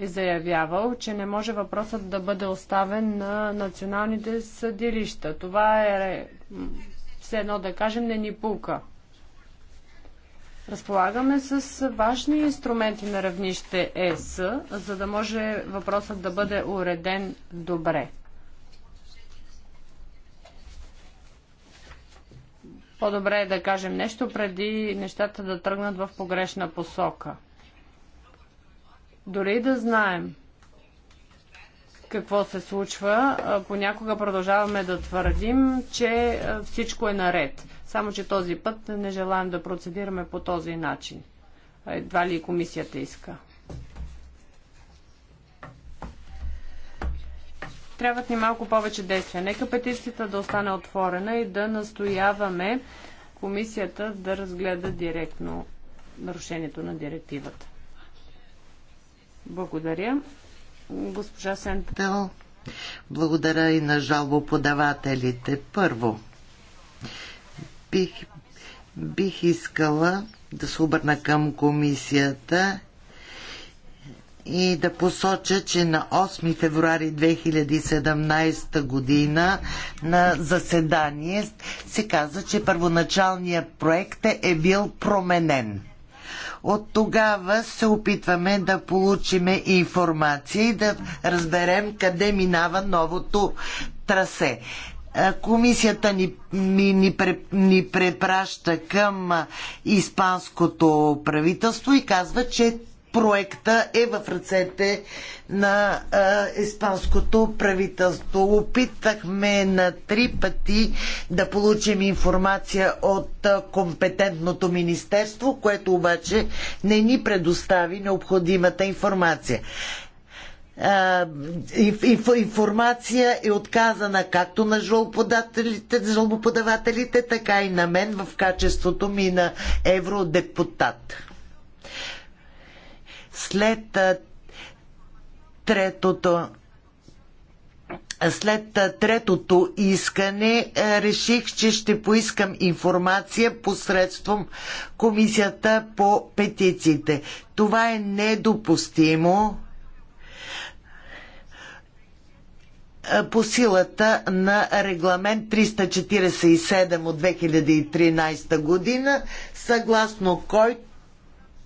е заявявал, че не може въпросът да бъде оставен на националните съдилища. Това е, е все едно да кажем не ни пука. Разполагаме с важни инструменти на равнище ЕС, за да може въпросът да бъде уреден добре. По-добре е да кажем нещо преди нещата да тръгнат в погрешна посока. Дори да знаем какво се случва, понякога продължаваме да твърдим, че всичко е наред. Само, че този път не желаем да процедираме по този начин. Едва ли и комисията иска. трябват ни малко повече действия. Нека петицията да остане отворена и да настояваме комисията да разгледа директно нарушението на директивата. Благодаря. Госпожа Сентел, благодаря и на жалбоподавателите. Първо, бих, бих искала да се обърна към комисията и да посоча, че на 8 февруари 2017 година на заседание се каза, че първоначалният проект е бил променен. От тогава се опитваме да получиме информация и да разберем къде минава новото трасе. Комисията ни, ни, ни, ни препраща към испанското правителство и казва, че проекта е в ръцете на а, испанското правителство. Опитахме на три пъти да получим информация от а, компетентното министерство, което обаче не ни предостави необходимата информация информация е отказана както на жалбоподавателите, така и на мен в качеството ми на евродепутат след третото след третото искане реших, че ще поискам информация посредством комисията по петициите. Това е недопустимо по силата на регламент 347 от 2013 година, съгласно който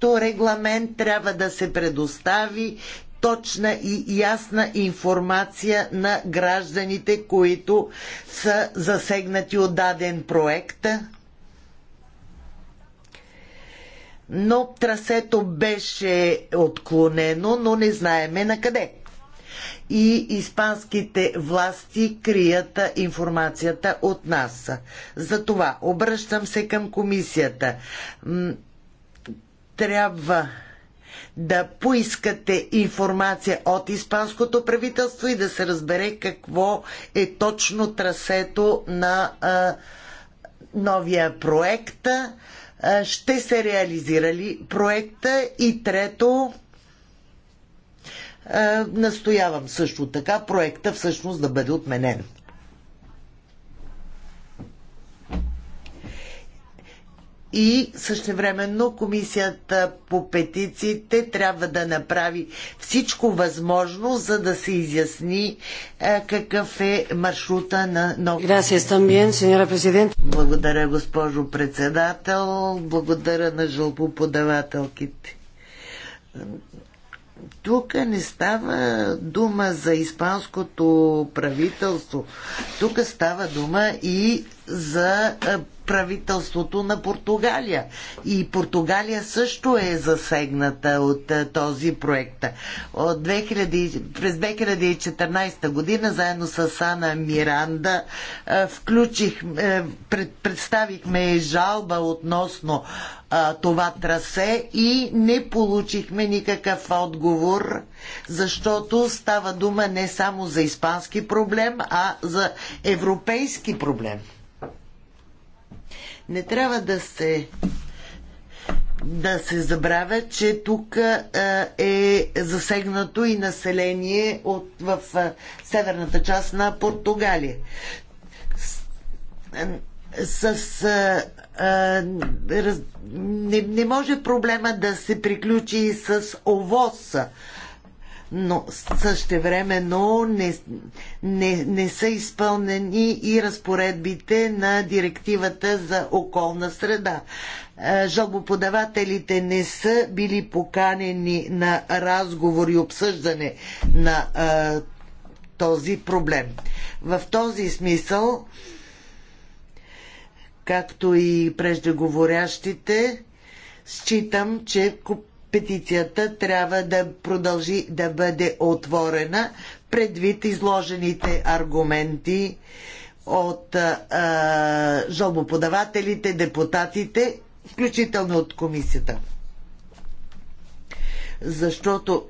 регламент трябва да се предостави точна и ясна информация на гражданите, които са засегнати от даден проект. Но трасето беше отклонено, но не знаеме на къде. И испанските власти крият информацията от нас. Затова обръщам се към комисията трябва да поискате информация от испанското правителство и да се разбере какво е точно трасето на а, новия проект. А, ще се реализира ли проекта? И трето, а, настоявам също така проекта всъщност да бъде отменен. и същевременно комисията по петициите трябва да направи всичко възможно, за да се изясни е, какъв е маршрута на нов. Благодаря, госпожо председател. Благодаря на жълбоподавателките. Тук не става дума за испанското правителство. Тук става дума и за е, правителството на Португалия. И Португалия също е засегната от е, този проект. От 2000, през 2014 година, заедно с Ана Миранда, е, включих, е, пред, представихме жалба относно това трасе и не получихме никакъв отговор, защото става дума не само за испански проблем, а за европейски проблем. Не трябва да се да се забравя, че тук е засегнато и население от, в северната част на Португалия. С, с а, раз, не, не може проблема да се приключи и с овоз но същевременно не, не, не са изпълнени и разпоредбите на директивата за околна среда. Е, жалбоподавателите не са били поканени на разговор и обсъждане на а, е, този проблем. В този смисъл, както и преждеговорящите, считам, че петицията трябва да продължи да бъде отворена предвид изложените аргументи от а, жалбоподавателите, депутатите, включително от комисията. Защото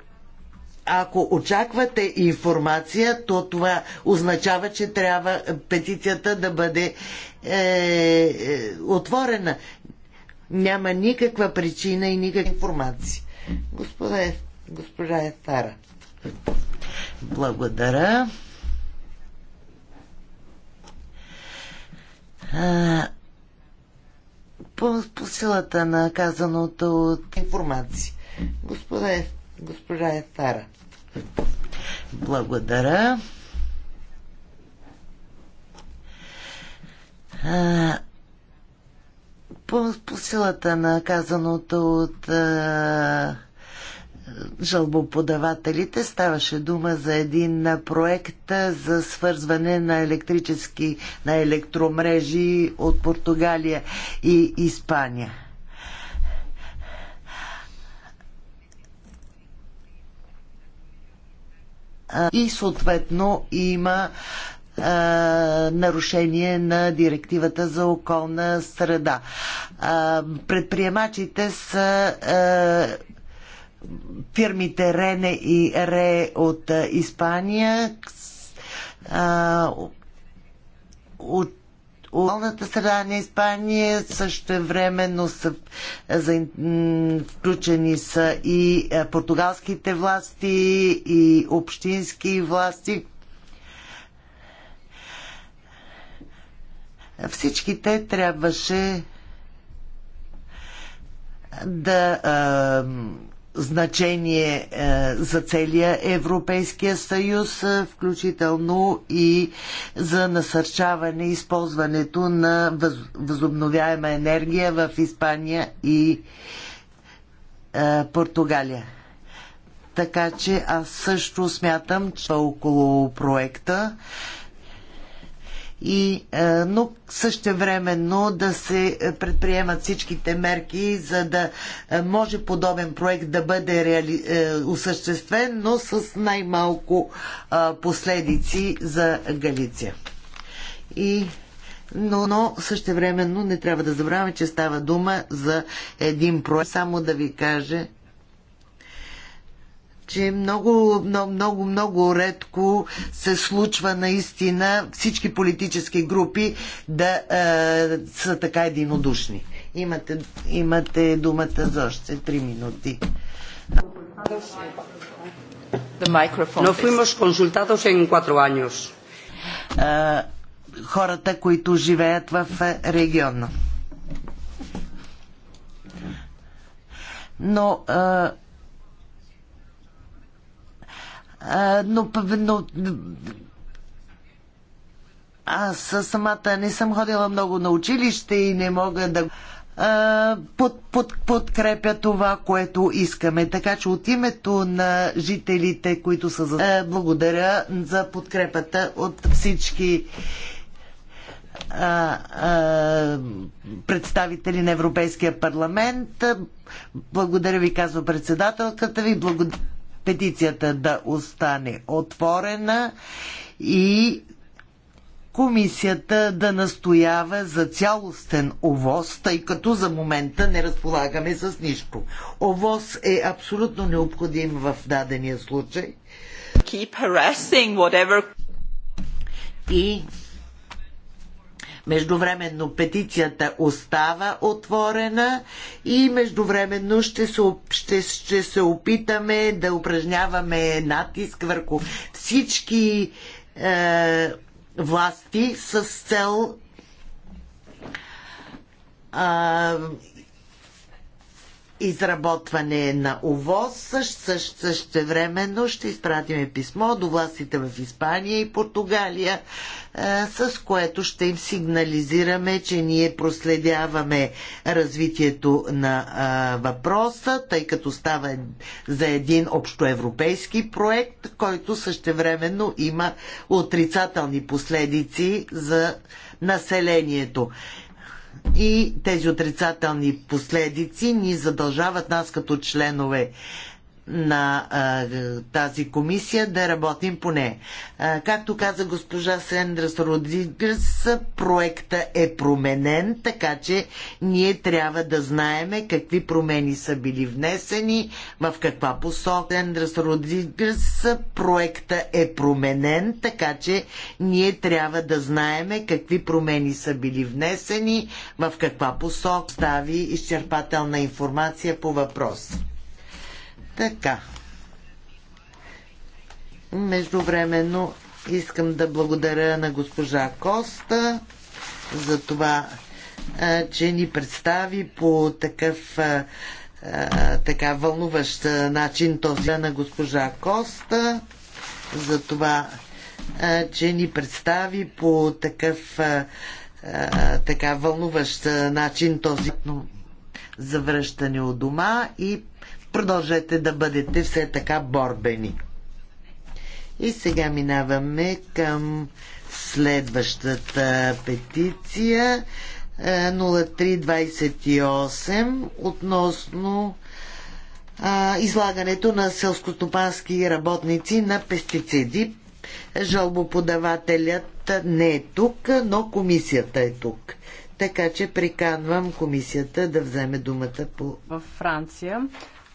ако очаквате информация, то това означава, че трябва петицията да бъде е, е, отворена няма никаква причина и никаква информация. Господа, е, госпожа Ефара. Благодаря. А, по, по силата на казаното от информация. Господа, е, госпожа Ефара. Благодаря. А, по, по силата на казаното от а, жалбоподавателите ставаше дума за един проект за свързване на електрически, на електромрежи от Португалия и Испания. И съответно има а, нарушение на директивата за околна среда. А, предприемачите са а, фирмите Рене и Ре от Испания. А, от Околната среда на Испания също времено са за, включени са и португалските власти, и общински власти. Всички те трябваше да а, значение а, за целия Европейския съюз, а, включително и за насърчаване използването на въз, възобновяема енергия в Испания и а, Португалия. Така че аз също смятам, че около проекта. А, и, е, но същевременно да се е, предприемат всичките мерки, за да е, може подобен проект да бъде реали... осъществен, но с най-малко последици за Галиция. И но, но същевременно не трябва да забравяме, че става дума за един проект. Само да ви кажа, че много, много, много, много редко се случва наистина всички политически групи да е, са така единодушни. Имате, имате думата за още три минути. Но имаш консултатос ен 4 años. Е, хората, които живеят в е, региона. Но а, но, но аз самата не съм ходила много на училище и не мога да под, под, подкрепя това, което искаме. Така че от името на жителите, които са за... Благодаря за подкрепата от всички а, а, представители на Европейския парламент. Благодаря ви, казва председателката ви. Благодаря петицията да остане отворена и комисията да настоява за цялостен овоз, тъй като за момента не разполагаме с нищо. Овоз е абсолютно необходим в дадения случай. Keep harassing whatever... И Междувременно петицията остава отворена и междувременно ще се, ще, ще се опитаме да упражняваме натиск върху всички е, власти с цел изработване на увоз. Също, същевременно ще изпратиме писмо до властите в Испания и Португалия, е, с което ще им сигнализираме, че ние проследяваме развитието на е, въпроса, тъй като става за един общоевропейски проект, който същевременно има отрицателни последици за населението и тези отрицателни последици ни задължават нас като членове на а, тази комисия да работим по нея. Както каза госпожа Сендрас Родригес, проекта е променен, така че ние трябва да знаеме какви промени са били внесени, в каква посока. Сендрас Родригес, проекта е променен, така че ние трябва да знаеме какви промени са били внесени, в каква посока. Стави изчерпателна информация по въпроса. Така. Междувременно искам да благодаря на госпожа Коста за това, че ни представи по такъв така вълнуващ начин този на госпожа Коста за това, че ни представи по такъв така вълнуващ начин този завръщане от дома и продължете да бъдете все така борбени. И сега минаваме към следващата петиция 0328 е, относно а, излагането на селскостопански работници на пестициди. Жалбоподавателят не е тук, но комисията е тук. Така че приканвам комисията да вземе думата по... Във Франция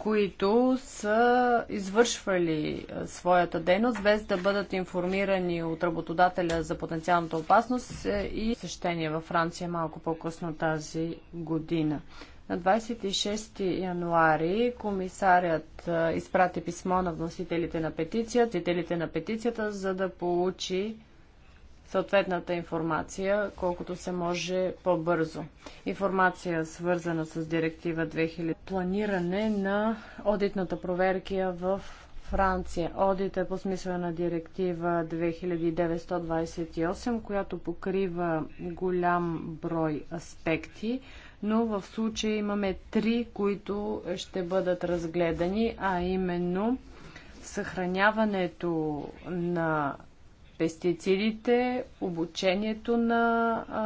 които са извършвали своята дейност без да бъдат информирани от работодателя за потенциалната опасност е, и същение във Франция малко по-късно тази година. На 26 януари комисарят изпрати писмо на вносителите на петицията, на петицията, за да получи съответната информация, колкото се може по-бързо. Информация свързана с директива 2000. Планиране на одитната проверка в Франция. Одит е по смисъла на директива 2928, която покрива голям брой аспекти, но в случая имаме три, които ще бъдат разгледани, а именно съхраняването на пестицидите, обучението на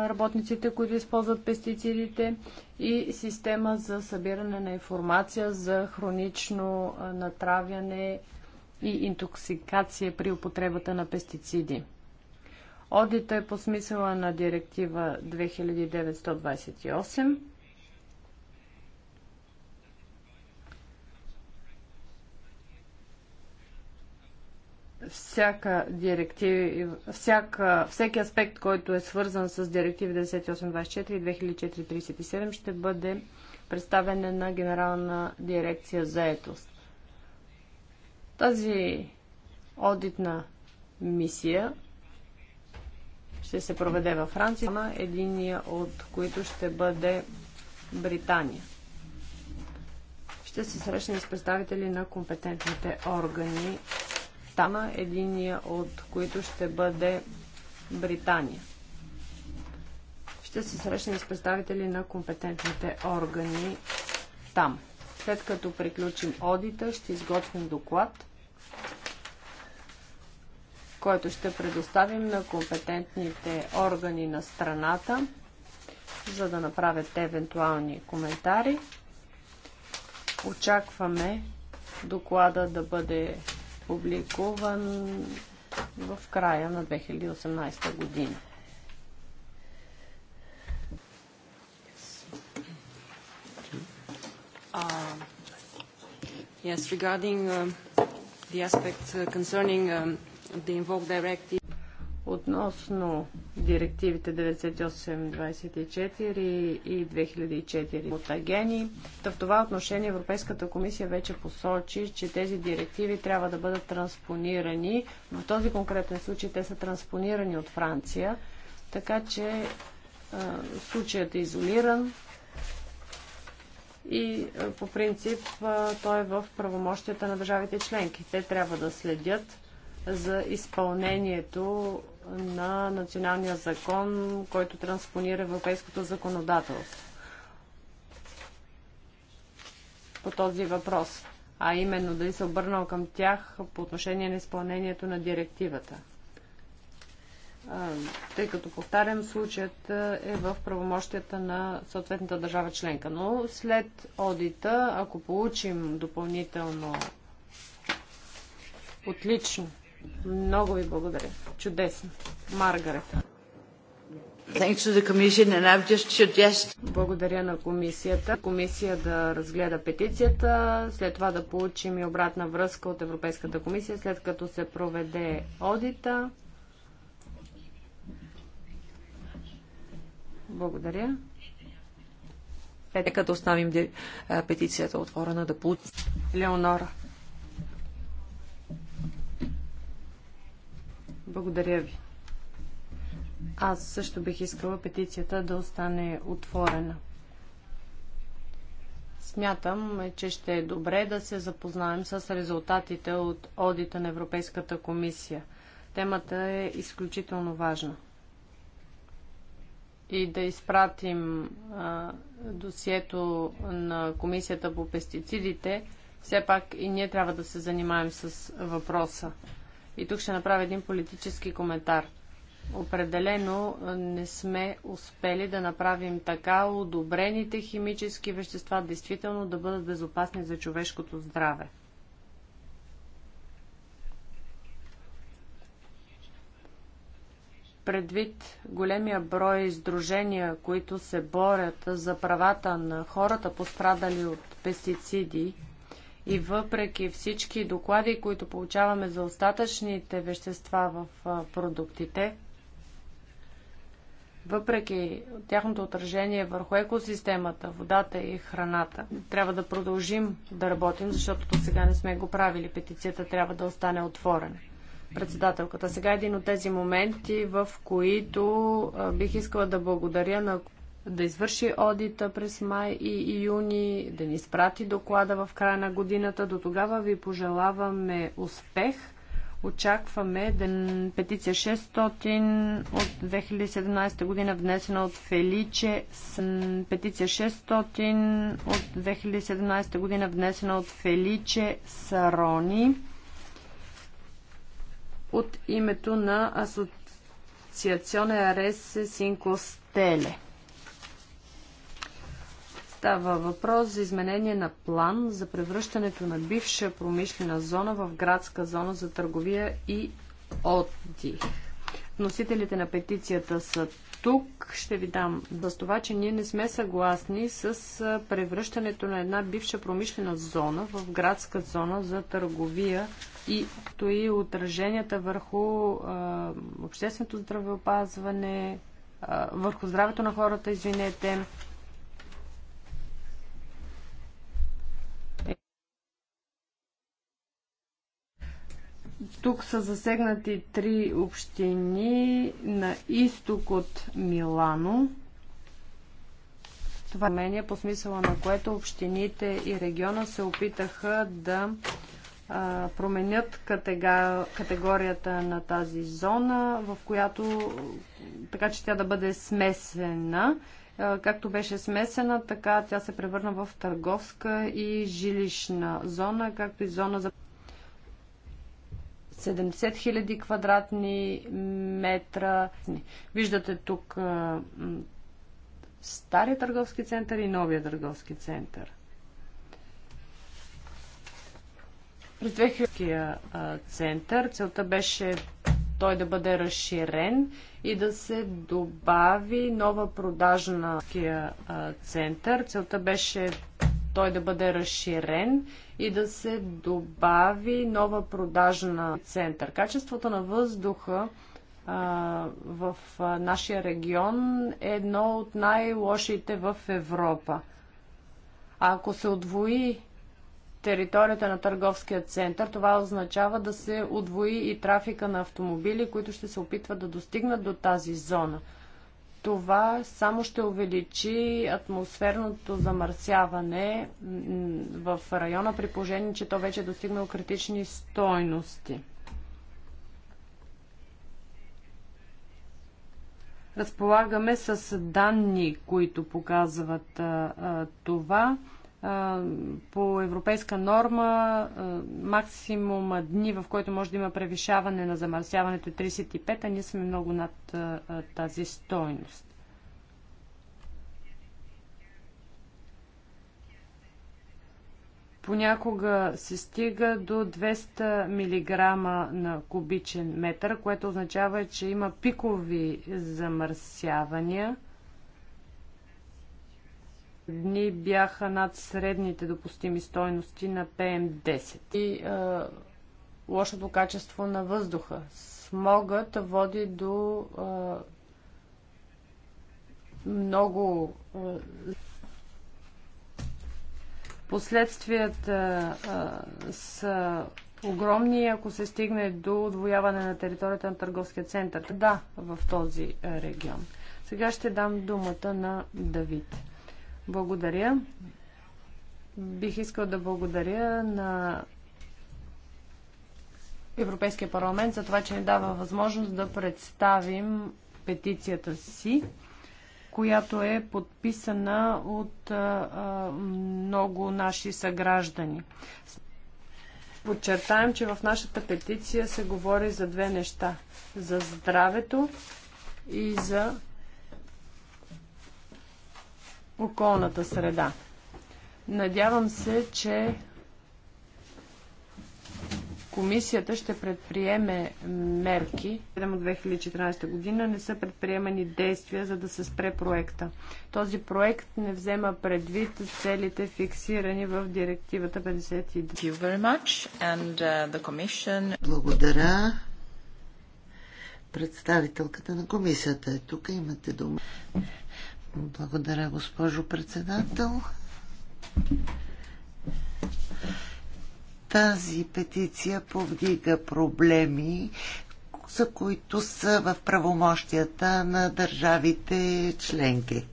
работниците, които използват пестицидите и система за събиране на информация за хронично натравяне и интоксикация при употребата на пестициди. Одита е по смисъла на директива 2928 всяка директива, всяка, всеки аспект, който е свързан с директиви 9824 и 2437 ще бъде представен на Генерална дирекция за етост. Тази одитна мисия ще се проведе във Франция, единия от които ще бъде Британия. Ще се срещнем с представители на компетентните органи остана, единия от които ще бъде Британия. Ще се срещнем с представители на компетентните органи там. След като приключим одита, ще изготвим доклад, който ще предоставим на компетентните органи на страната, за да направят евентуални коментари. Очакваме доклада да бъде публикуван в края на 2018 година. Uh, yes, regarding uh, the aspect uh, concerning um, the Invoke Directive, Относно директивите 98-24 и 2004 от Агени, в това отношение Европейската комисия вече посочи, че тези директиви трябва да бъдат транспонирани. В този конкретен случай те са транспонирани от Франция, така че случаят е изолиран и по принцип той е в правомощията на държавите членки. Те трябва да следят за изпълнението на националния закон, който транспонира европейското законодателство по този въпрос, а именно дали се обърнал към тях по отношение на изпълнението на директивата. Тъй като, повтарям, случаят е в правомощията на съответната държава членка. Но след одита, ако получим допълнително отлично много ви благодаря. Чудесно. Маргарет. Suggest... Благодаря на комисията. Комисия да разгледа петицията, след това да получим и обратна връзка от Европейската комисия, след като се проведе одита. Благодаря. Е, нека да оставим петицията отворена да получим. Леонора. Благодаря ви. Аз също бих искала петицията да остане отворена. Смятам, че ще е добре да се запознаем с резултатите от одита на Европейската комисия. Темата е изключително важна. И да изпратим а, досието на Комисията по пестицидите, все пак и ние трябва да се занимаем с въпроса. И тук ще направя един политически коментар. Определено не сме успели да направим така одобрените химически вещества действително да бъдат безопасни за човешкото здраве. предвид големия брой издружения, които се борят за правата на хората, пострадали от пестициди, и въпреки всички доклади, които получаваме за остатъчните вещества в продуктите, въпреки тяхното отражение върху екосистемата, водата и храната, трябва да продължим да работим, защото до сега не сме го правили. Петицията трябва да остане отворена. Председателката, сега е един от тези моменти, в които бих искала да благодаря на да извърши одита през май и юни, да ни спрати доклада в края на годината. До тогава ви пожелаваме успех. Очакваме ден петиция 600 от 2017 година, внесена от Феличе. Петиция 600 от 2017 година, внесена от Феличе Сарони от името на Асоциационен Арес Синкостеле. Става въпрос за изменение на план за превръщането на бивша промишлена зона в градска зона за търговия и отдих. Вносителите на петицията са тук. Ще ви дам за това, че ние не сме съгласни с превръщането на една бивша промишлена зона в градска зона за търговия и стои и отраженията върху общественото здравеопазване, върху здравето на хората, извинете, Тук са засегнати три общини на изток от Милано. Това умение, е по смисъла на което общините и региона се опитаха да а, променят катега, категорията на тази зона, в която така че тя да бъде смесена. А, както беше смесена, така тя се превърна в търговска и жилищна зона, както и зона за 70 000 квадратни метра. Виждате тук стария търговски център и новия търговски център. През 2000 център целта беше той да бъде разширен и да се добави нова продажна център. Целта беше той да бъде разширен и да се добави нова продажна център. Качеството на въздуха в нашия регион е едно от най-лошите в Европа. А ако се отвои територията на търговския център, това означава да се отвои и трафика на автомобили, които ще се опитват да достигнат до тази зона това само ще увеличи атмосферното замърсяване в района, при положение, че то вече е достигнало критични стойности. Разполагаме с данни, които показват а, това по европейска норма максимума дни, в който може да има превишаване на замърсяването 35, е а ние сме много над тази стойност. Понякога се стига до 200 мг на кубичен метър, което означава, че има пикови замърсявания – дни бяха над средните допустими стойности на ПМ10. И а, лошото качество на въздуха. Смогът води до а, много а, последствията а, са огромни, ако се стигне до отвояване на територията на търговския център. Да, в този регион. Сега ще дам думата на Давид. Благодаря. Бих искал да благодаря на Европейския парламент за това, че ни дава възможност да представим петицията си, която е подписана от много наши съграждани. Подчертаем, че в нашата петиция се говори за две неща за здравето и за околната среда. Надявам се, че комисията ще предприеме мерки. от 2014 година не са предприемани действия, за да се спре проекта. Този проект не взема предвид целите фиксирани в директивата 52. Uh, Благодаря. Представителката на комисията е тук. Имате дума. Благодаря, госпожо председател. Тази петиция повдига проблеми, за които са в правомощията на държавите членки.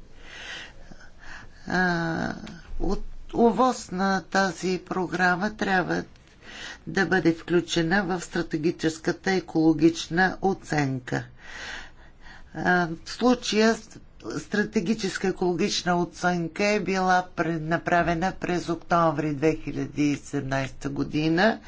От увоз на тази програма трябва да бъде включена в стратегическата екологична оценка. В случая стратегическа екологична оценка е била направена през октомври 2017 година.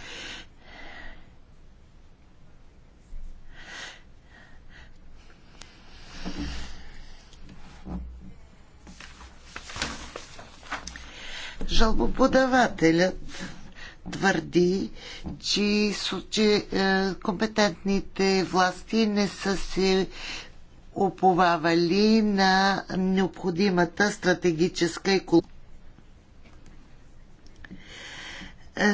Жалбоподавателят твърди, че, че е, компетентните власти не са се уповавали на необходимата стратегическа и култура.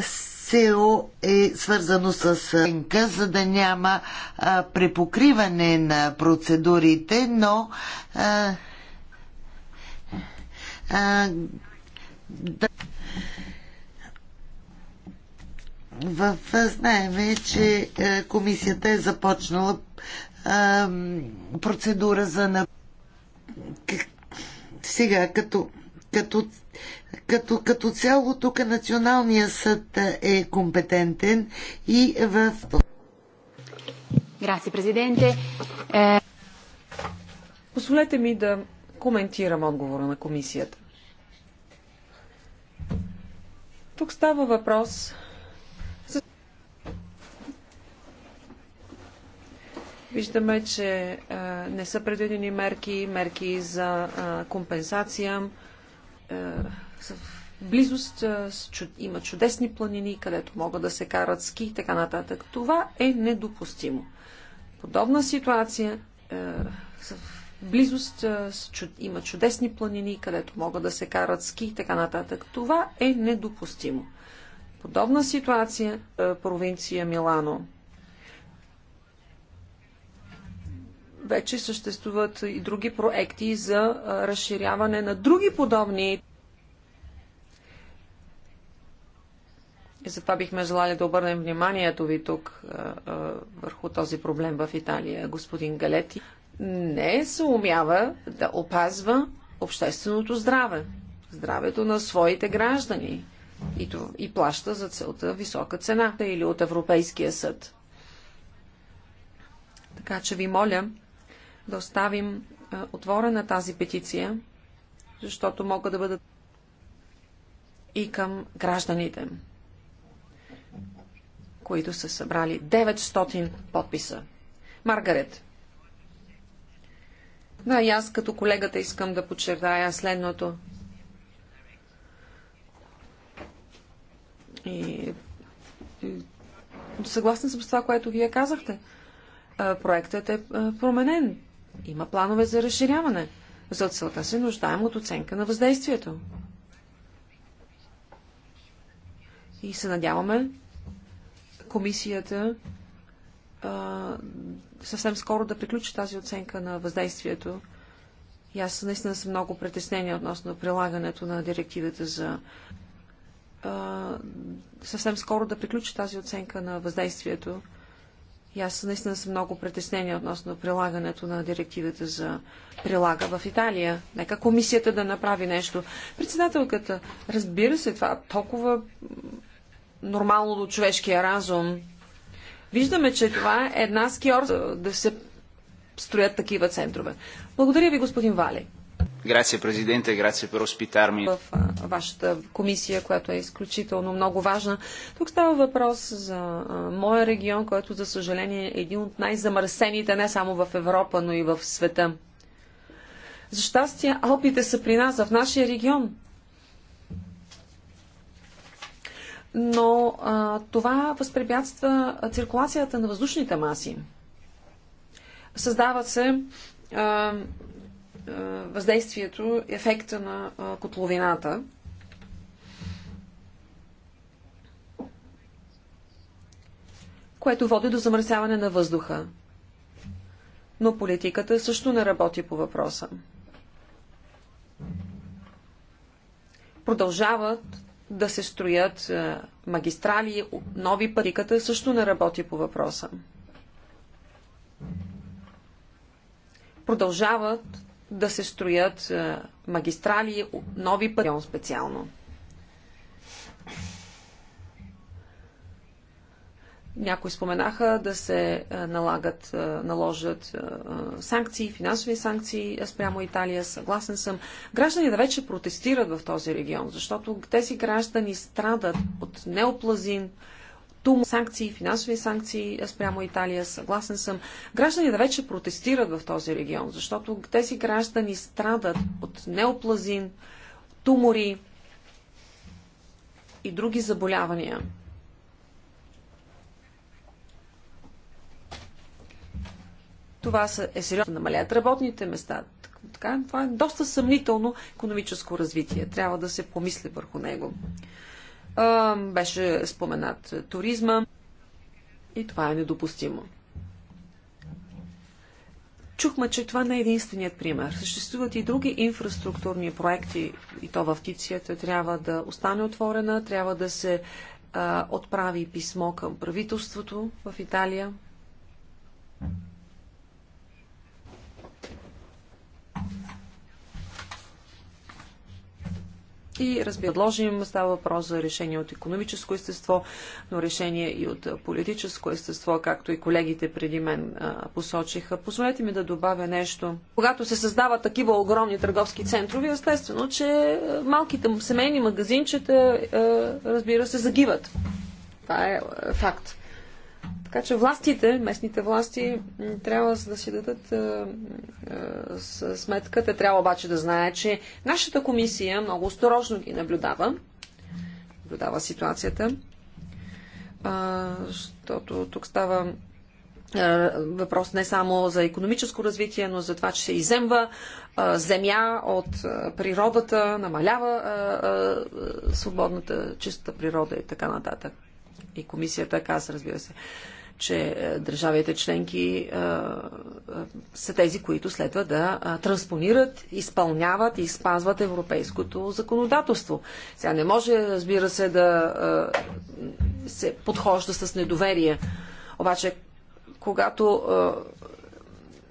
СЕО е свързано с НК, за да няма а, препокриване на процедурите, но а, а, да. В, знаеме, че е, комисията е започнала процедура за на... Сега, като, като, като, като цяло тук националния съд е компетентен и в... Грация, президенте. Е... Позволете ми да коментирам отговора на комисията. Тук става въпрос Виждаме, че не са предвидени мерки, мерки за компенсация. В близост има чудесни планини, където могат да се карат ски и така нататък. Това е недопустимо. Подобна ситуация в близост има чудесни планини, където могат да се карат ски и така нататък. Това е недопустимо. Подобна ситуация провинция Милано вече съществуват и други проекти за разширяване на други подобни. И затова бихме желали да обърнем вниманието ви тук върху този проблем в Италия. Господин Галети не се умява да опазва общественото здраве, здравето на своите граждани и, то, и плаща за целта висока цена или от Европейския съд. Така че ви моля да оставим е, отворена тази петиция, защото могат да бъдат и към гражданите, които са събрали 900 подписа. Маргарет. Да, и аз като колегата искам да подчертая следното. И, съгласна съм с това, което вие казахте. Е, проектът е, е променен. Има планове за разширяване. За целта се нуждаем от оценка на въздействието. И се надяваме комисията а, съвсем скоро да приключи тази оценка на въздействието. И аз наистина съм много притеснени относно прилагането на директивата за съвсем скоро да приключи тази оценка на въздействието и аз наистина съм много притеснени относно прилагането на директивата за прилага в Италия. Нека комисията да направи нещо. Председателката, разбира се, това толкова нормално до човешкия разум. Виждаме, че това е една скиор да се строят такива центрове. Благодаря ви, господин Вали. Grazie президенте, grazie per ospitarmi. В вашата комисия, която е изключително много важна. Тук става въпрос за моя регион, който, за съжаление, е един от най-замърсените не само в Европа, но и в света. За щастие, Алпите са при нас, в нашия регион. но а, това възпрепятства циркулацията на въздушните маси. Създават се а, въздействието, ефекта на котловината. което води до замърсяване на въздуха. Но политиката също не работи по въпроса. Продължават да се строят магистрали, нови пътиката също не работи по въпроса. Продължават да се строят е, магистрали, нови пътион специално. Някои споменаха да се е, налагат, е, наложат санкции, финансови санкции спрямо Италия. Съгласен съм. Гражданите вече протестират в този регион, защото тези граждани страдат от неоплазин, тум санкции, финансови санкции спрямо Италия. Съгласен съм. Гражданите вече протестират в този регион, защото тези граждани страдат от неоплазин, тумори и други заболявания. Това е сериозно. Намаляват работните места. Така, това е доста съмнително економическо развитие. Трябва да се помисли върху него беше споменат туризма и това е недопустимо. Чухме, че това не е единственият пример. Съществуват и други инфраструктурни проекти и то в Тицията трябва да остане отворена, трябва да се а, отправи писмо към правителството в Италия. и предложим. Става въпрос за решение от економическо естество, но решение и от политическо естество, както и колегите преди мен посочиха. Позволете ми да добавя нещо. Когато се създават такива огромни търговски центрови, естествено, че малките семейни магазинчета, разбира се, загиват. Това е факт. Така че властите, местните власти, трябва да си дадат а, а, сметка. Те трябва обаче да знае, че нашата комисия много осторожно ги наблюдава. Наблюдава ситуацията. А, защото тук става въпрос не само за економическо развитие, но за това, че се иземва земя от природата, намалява свободната, чистата природа и така нататък. И комисията каза, разбира се че е, държавите членки е, е, са тези, които следва да транспонират, изпълняват и спазват европейското законодателство. Сега не може, разбира се, да се подхожда с недоверие. Обаче, когато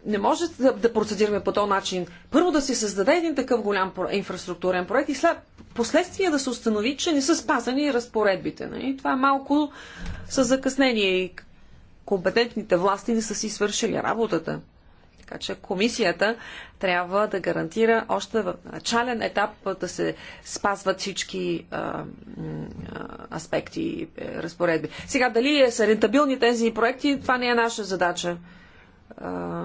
не може да, да процедираме по този начин. Първо да се създаде един такъв голям инфраструктурен проект и след последствия да се установи, че не са спазани разпоредбите. Нали? Това е малко със закъснение. И компетентните власти не са си свършили работата. Така че комисията трябва да гарантира още в начален етап да се спазват всички а, а, аспекти и е, разпоредби. Сега, дали е, са рентабилни тези проекти, това не е наша задача. А,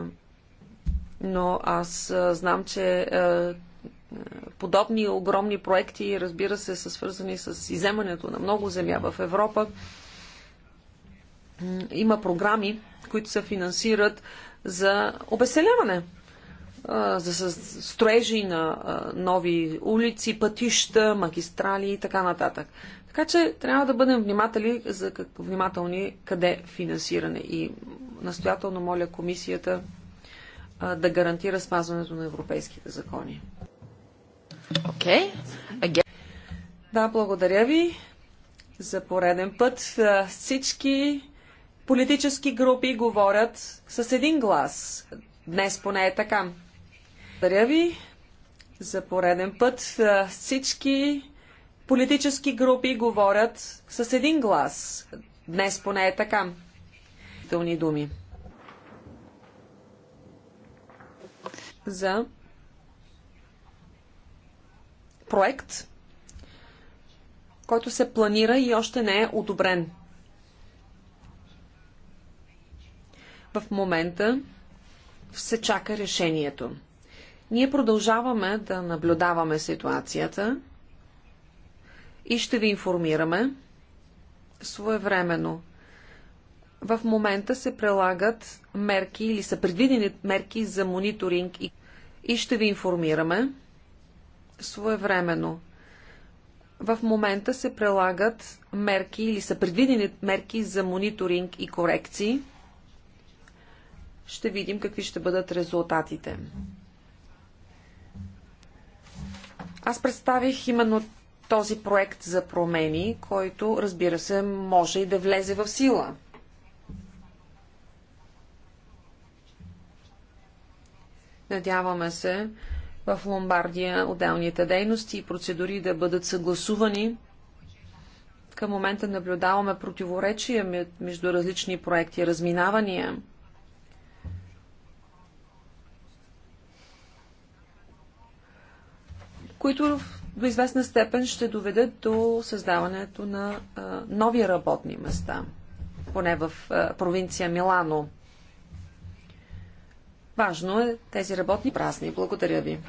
но аз знам, че а, е, подобни огромни проекти, разбира се, са свързани с иземането на много земя в Европа има програми, които се финансират за обеселяване, за строежи на нови улици, пътища, магистрали и така нататък. Така че трябва да бъдем вниматели за как, внимателни къде финансиране и настоятелно моля комисията а, да гарантира спазването на европейските закони. Okay. Again. Да, благодаря ви. За пореден път всички политически групи говорят с един глас. Днес поне е така. Благодаря ви за пореден път. Е, всички политически групи говорят с един глас. Днес поне е така. думи. За проект, който се планира и още не е одобрен. В момента се чака решението. Ние продължаваме да наблюдаваме ситуацията и ще ви информираме своевременно. В момента се прилагат мерки или са предвидени мерки за мониторинг и ще ви информираме своевременно. В момента се прилагат мерки или са предвидени мерки за мониторинг и корекции ще видим какви ще бъдат резултатите. Аз представих именно този проект за промени, който, разбира се, може и да влезе в сила. Надяваме се в Ломбардия отделните дейности и процедури да бъдат съгласувани. Към момента наблюдаваме противоречия между различни проекти, разминавания – които до известна степен ще доведат до създаването на а, нови работни места, поне в а, провинция Милано. Важно е тези работни празни. Благодаря ви.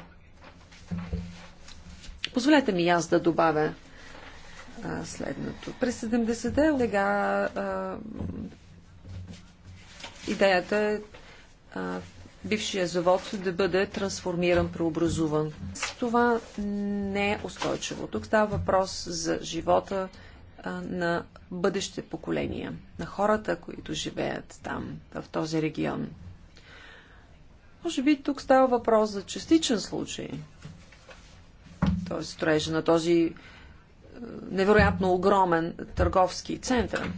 Позволете ми аз да добавя а, следното. През 70-те а, идеята е бившия завод да бъде трансформиран, преобразуван. Това не е устойчиво. Тук става въпрос за живота на бъдеще поколения, на хората, които живеят там, в този регион. Може би тук става въпрос за частичен случай. Т.е. строежа на този е, невероятно огромен търговски център.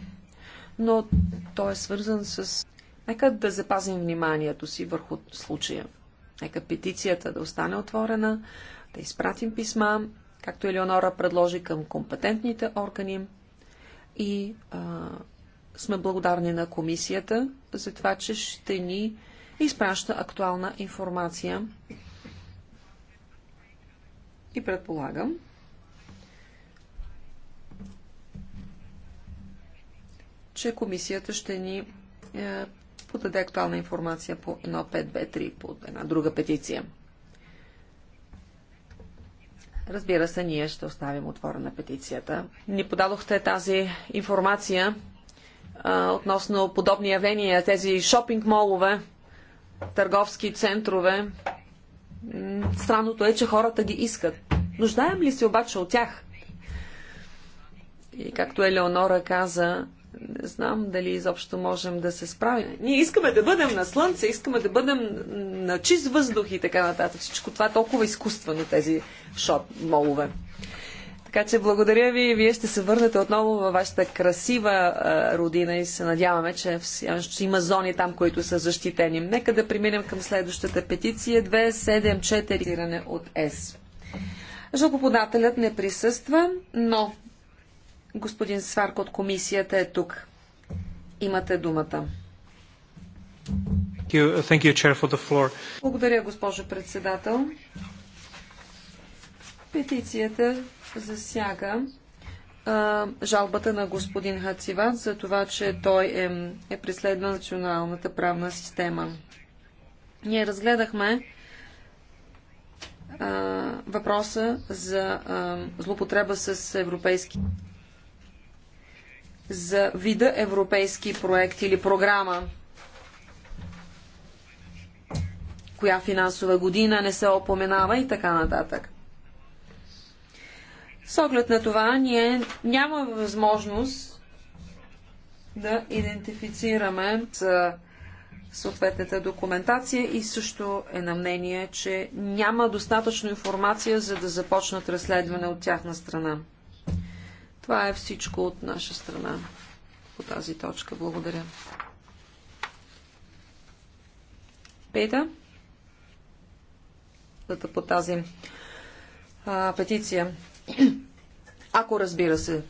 Но той е свързан с Нека да запазим вниманието си върху случая. Нека петицията да остане отворена, да изпратим писма, както Елеонора предложи към компетентните органи. И а, сме благодарни на комисията за това, че ще ни изпраща актуална информация. И предполагам, че комисията ще ни е, подаде актуална информация по 1523, по една друга петиция. Разбира се, ние ще оставим отвора на петицията. Ни подадохте тази информация а, относно подобни явления, тези шопинг молове, търговски центрове. Странното е, че хората ги искат. Нуждаем ли се обаче от тях? И както Елеонора каза, не знам дали изобщо можем да се справим. Ние искаме да бъдем на слънце, искаме да бъдем на чист въздух и така нататък. Всичко това е толкова изкуствено, тези шоп молове. Така че благодаря ви. Вие ще се върнете отново във вашата красива родина и се надяваме, че има зони там, които са защитени. Нека да преминем към следващата петиция 274 от ЕС. Жалбоподателят не присъства, но Господин Сварк от комисията е тук. Имате думата. Thank you, chair, for the floor. Благодаря, госпожо председател. Петицията засяга а, жалбата на господин Хациват за това, че той е, е преследва националната правна система. Ние разгледахме а, въпроса за а, злопотреба с европейски за вида европейски проект или програма. Коя финансова година не се опоменава и така нататък. С оглед на това, ние няма възможност да идентифицираме с съответната документация и също е на мнение, че няма достатъчно информация, за да започнат разследване от тяхна страна. Това е всичко от наша страна по тази точка. Благодаря. Пета? По тази а, петиция. Ако разбира се,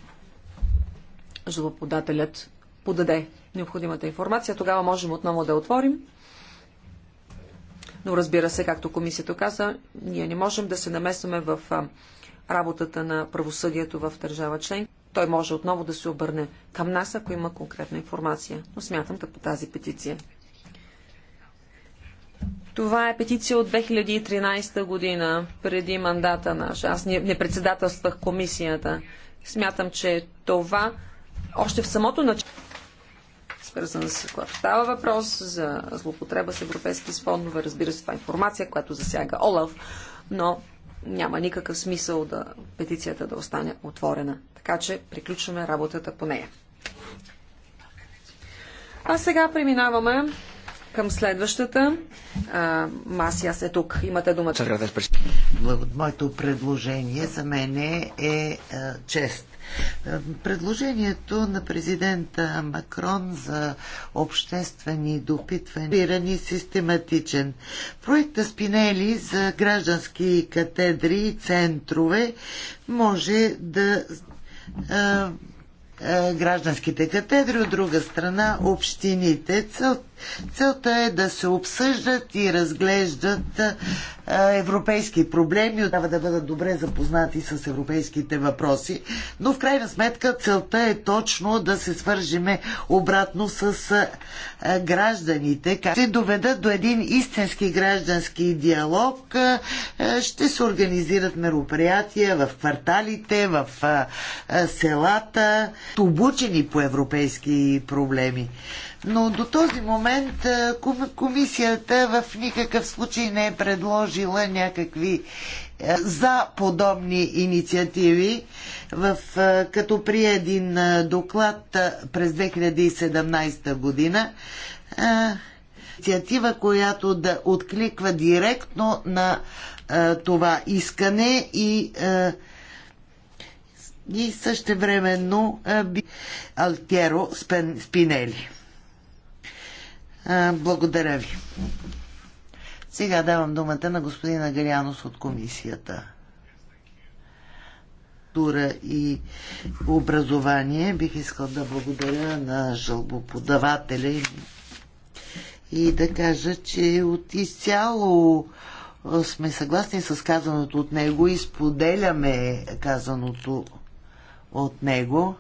жалоподателят подаде необходимата информация, тогава можем отново да отворим. Но разбира се, както комисията каза, ние не можем да се намесваме в работата на правосъдието в държава член. Той може отново да се обърне към нас, ако има конкретна информация. Но смятам като тази петиция. Това е петиция от 2013 година, преди мандата наш. Аз не, не председателствах комисията. Смятам, че това още в самото начало свързана с която става въпрос за злопотреба с европейски фондове. Разбира се, това е информация, която засяга Олаф, но няма никакъв смисъл да петицията да остане отворена. Така че приключваме работата по нея. А сега преминаваме към следващата. А, аз е тук. Имате думата. Моето предложение за мен е, е чест Предложението на президента Макрон за обществени допитвания е систематичен. Проекта Спинели за граждански катедри и центрове може да гражданските катедри, от друга страна общините. Целта Целта е да се обсъждат и разглеждат европейски проблеми, трябва да бъдат добре запознати с европейските въпроси, но в крайна сметка целта е точно да се свържиме обратно с гражданите, как се доведат до един истински граждански диалог, ще се организират мероприятия в кварталите, в селата, обучени по европейски проблеми. Но до този момент комисията в никакъв случай не е предложила някакви за подобни инициативи, в, като при един доклад през 2017 година инициатива, която да откликва директно на това искане и, и същевременно би Алтеро Спинели. Благодаря ви. Сега давам думата на господина Галянос от комисията. Тура и образование. Бих искал да благодаря на жалбоподавателя и да кажа, че от изцяло сме съгласни с казаното от него и споделяме казаното от него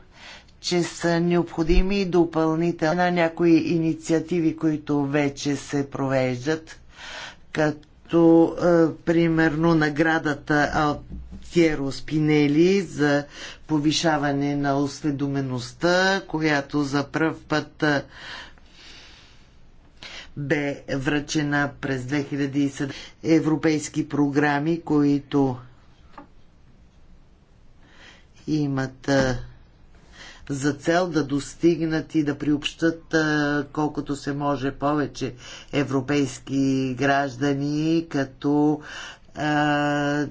че са необходими допълнително на някои инициативи, които вече се провеждат, като е, примерно наградата Тиеро Спинели за повишаване на осведомеността, която за пръв път е, бе връчена през 2007 европейски програми, които имат е, за цел да достигнат и да приобщат колкото се може повече европейски граждани, като а,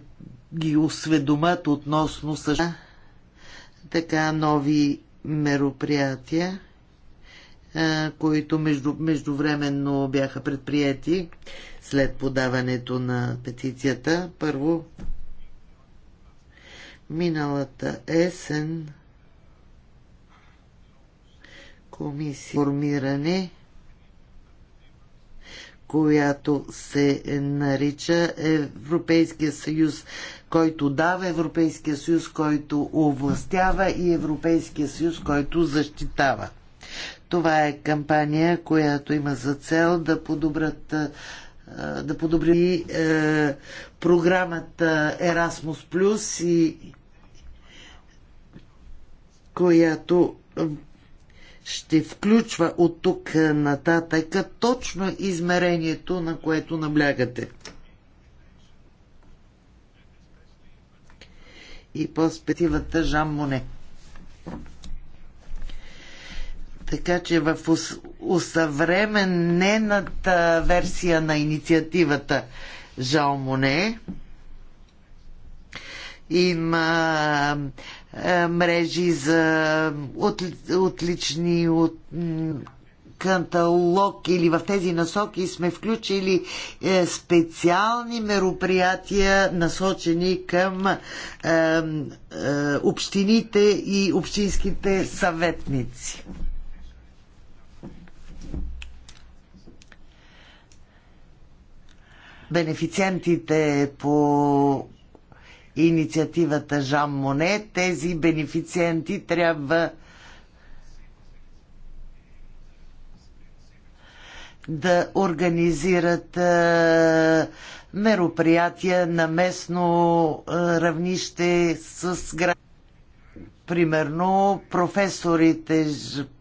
ги осведомат относно също така нови мероприятия, а, които между, междувременно бяха предприяти след подаването на петицията. Първо, миналата есен комисия формиране, която се нарича Европейския съюз, който дава, Европейския съюз, който овластява и Европейския съюз, който защитава. Това е кампания, която има за цел да подобрат да подобри е, програмата Erasmus Plus и която ще включва от тук е, нататък точно измерението, на което наблягате. И по-спетивата Жан Моне. Така че в усъвременената версия на инициативата Жан Моне има е, мрежи за от, отлични от каталог или в тези насоки сме включили е, специални мероприятия, насочени към е, е, общините и общинските съветници. Бенефициентите по инициативата Жан Моне, тези бенефициенти трябва да организират мероприятия на местно равнище с град. Примерно професорите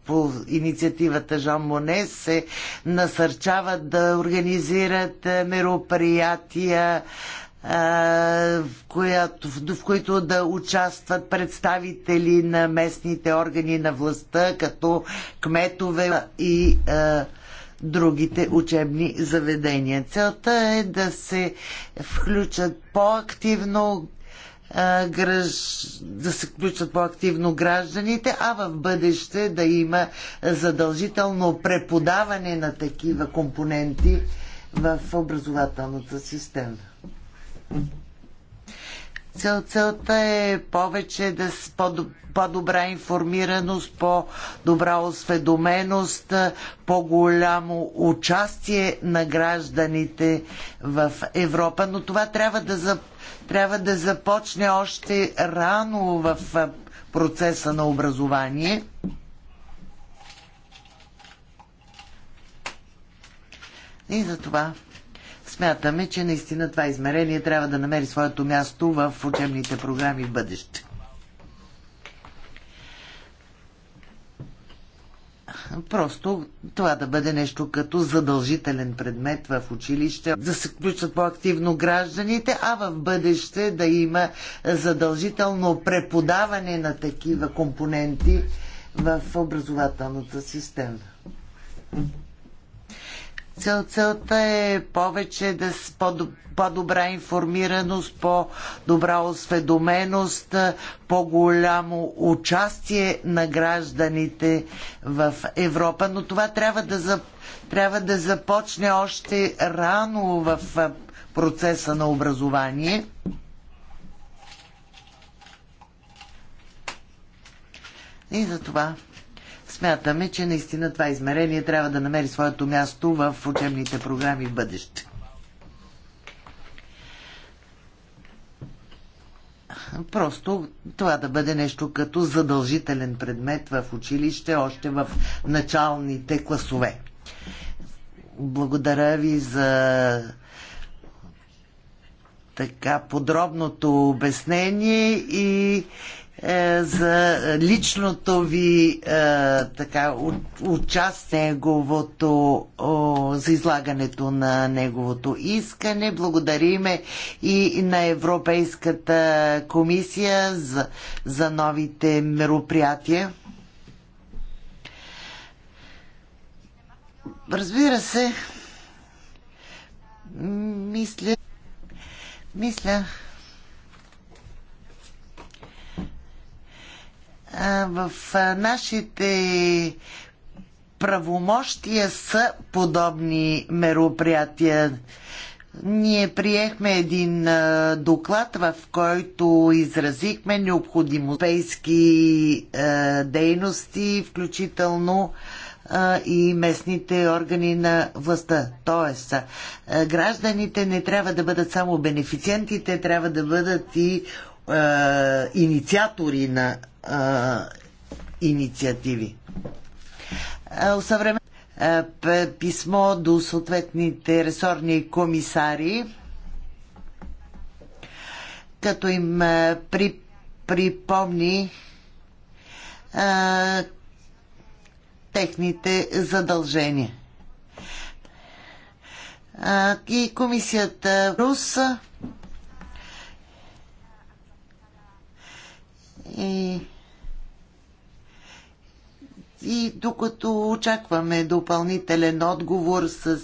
по инициативата Жан Моне се насърчават да организират мероприятия в, която, в които да участват представители на местните органи на властта, като кметове и а, другите учебни заведения. Целта е да се включат по-активно да се включат по-активно гражданите, а в бъдеще да има задължително преподаване на такива компоненти в образователната система. Цел, целта е повече да с по-добра информираност, по-добра осведоменост, по-голямо участие на гражданите в Европа. Но това трябва да, за, трябва да започне още рано в процеса на образование. И за това смятаме, че наистина това измерение трябва да намери своето място в учебните програми в бъдеще. Просто това да бъде нещо като задължителен предмет в училище, да се включат по-активно гражданите, а в бъдеще да има задължително преподаване на такива компоненти в образователната система. Цел, целта е повече да с по-добра информираност, по-добра осведоменост, по-голямо участие на гражданите в Европа. Но това трябва да, за, трябва да започне още рано в процеса на образование. И за това смятаме, че наистина това измерение трябва да намери своето място в учебните програми в бъдеще. Просто това да бъде нещо като задължителен предмет в училище, още в началните класове. Благодаря ви за така подробното обяснение и е, за личното ви е, така, участ неговото, за излагането на неговото искане. Благодариме и на Европейската комисия за, за новите мероприятия. Разбира се, мисля, мисля, в нашите правомощия са подобни мероприятия. Ние приехме един доклад, в който изразихме необходимо европейски дейности, включително и местните органи на властта. Тоест, гражданите не трябва да бъдат само бенефициентите, те трябва да бъдат и е, инициатори на е, инициативи. Е, Съвремен писмо до съответните ресорни комисари, като им при, припомни а, техните задължения. А, и комисията Руса И, и докато очакваме допълнителен отговор с,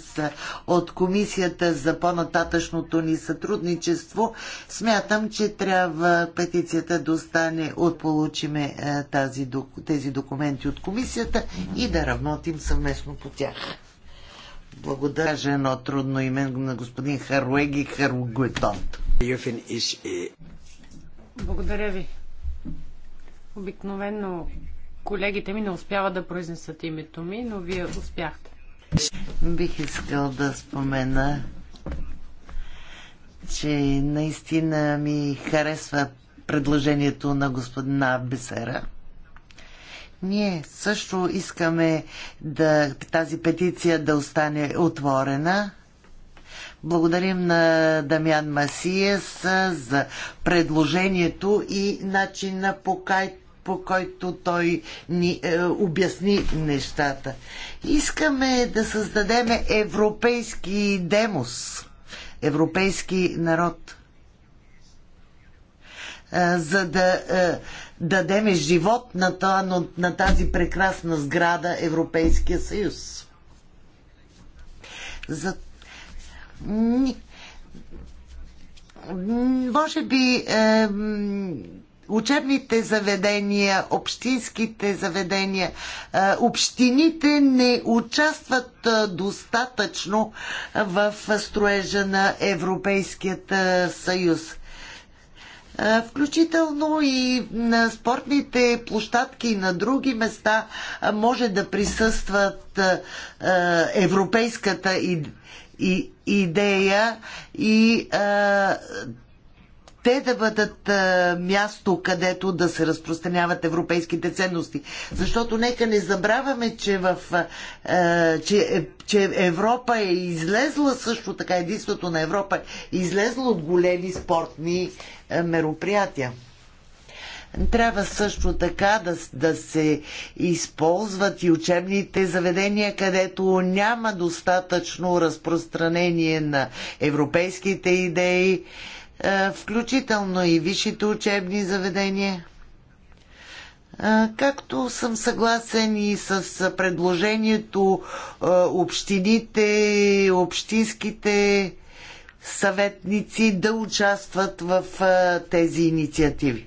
от комисията за по-нататъчното ни сътрудничество, смятам, че трябва петицията да остане от получиме е, тази, тези документи от комисията и да работим съвместно по тях. Благодаря, за едно трудно име на господин Харуеги Харугуетон. Благодаря ви. Обикновено колегите ми не успяват да произнесат името ми, но вие успяхте. Бих искал да спомена, че наистина ми харесва предложението на господина Бесера. Ние също искаме да, тази петиция да остане отворена Благодарим на Дамян Масиес за предложението и начина по, кай, по който той ни е, обясни нещата. Искаме да създадем европейски демос, европейски народ, е, за да е, дадеме живот на, това, на тази прекрасна сграда Европейския съюз. За може би е, учебните заведения, общинските заведения, е, общините не участват е, достатъчно в строежа на Европейският е, съюз. Включително и на спортните площадки и на други места може да присъстват европейската и, идея и а, те да бъдат а, място, където да се разпространяват европейските ценности. Защото нека не забравяме, че, в, а, че, че Европа е излезла също така, единството на Европа е излезла от големи спортни а, мероприятия. Трябва също така да, да се използват и учебните заведения, където няма достатъчно разпространение на европейските идеи, е, включително и висшите учебни заведения. Е, както съм съгласен и с предложението е, общините, общинските съветници да участват в тези инициативи.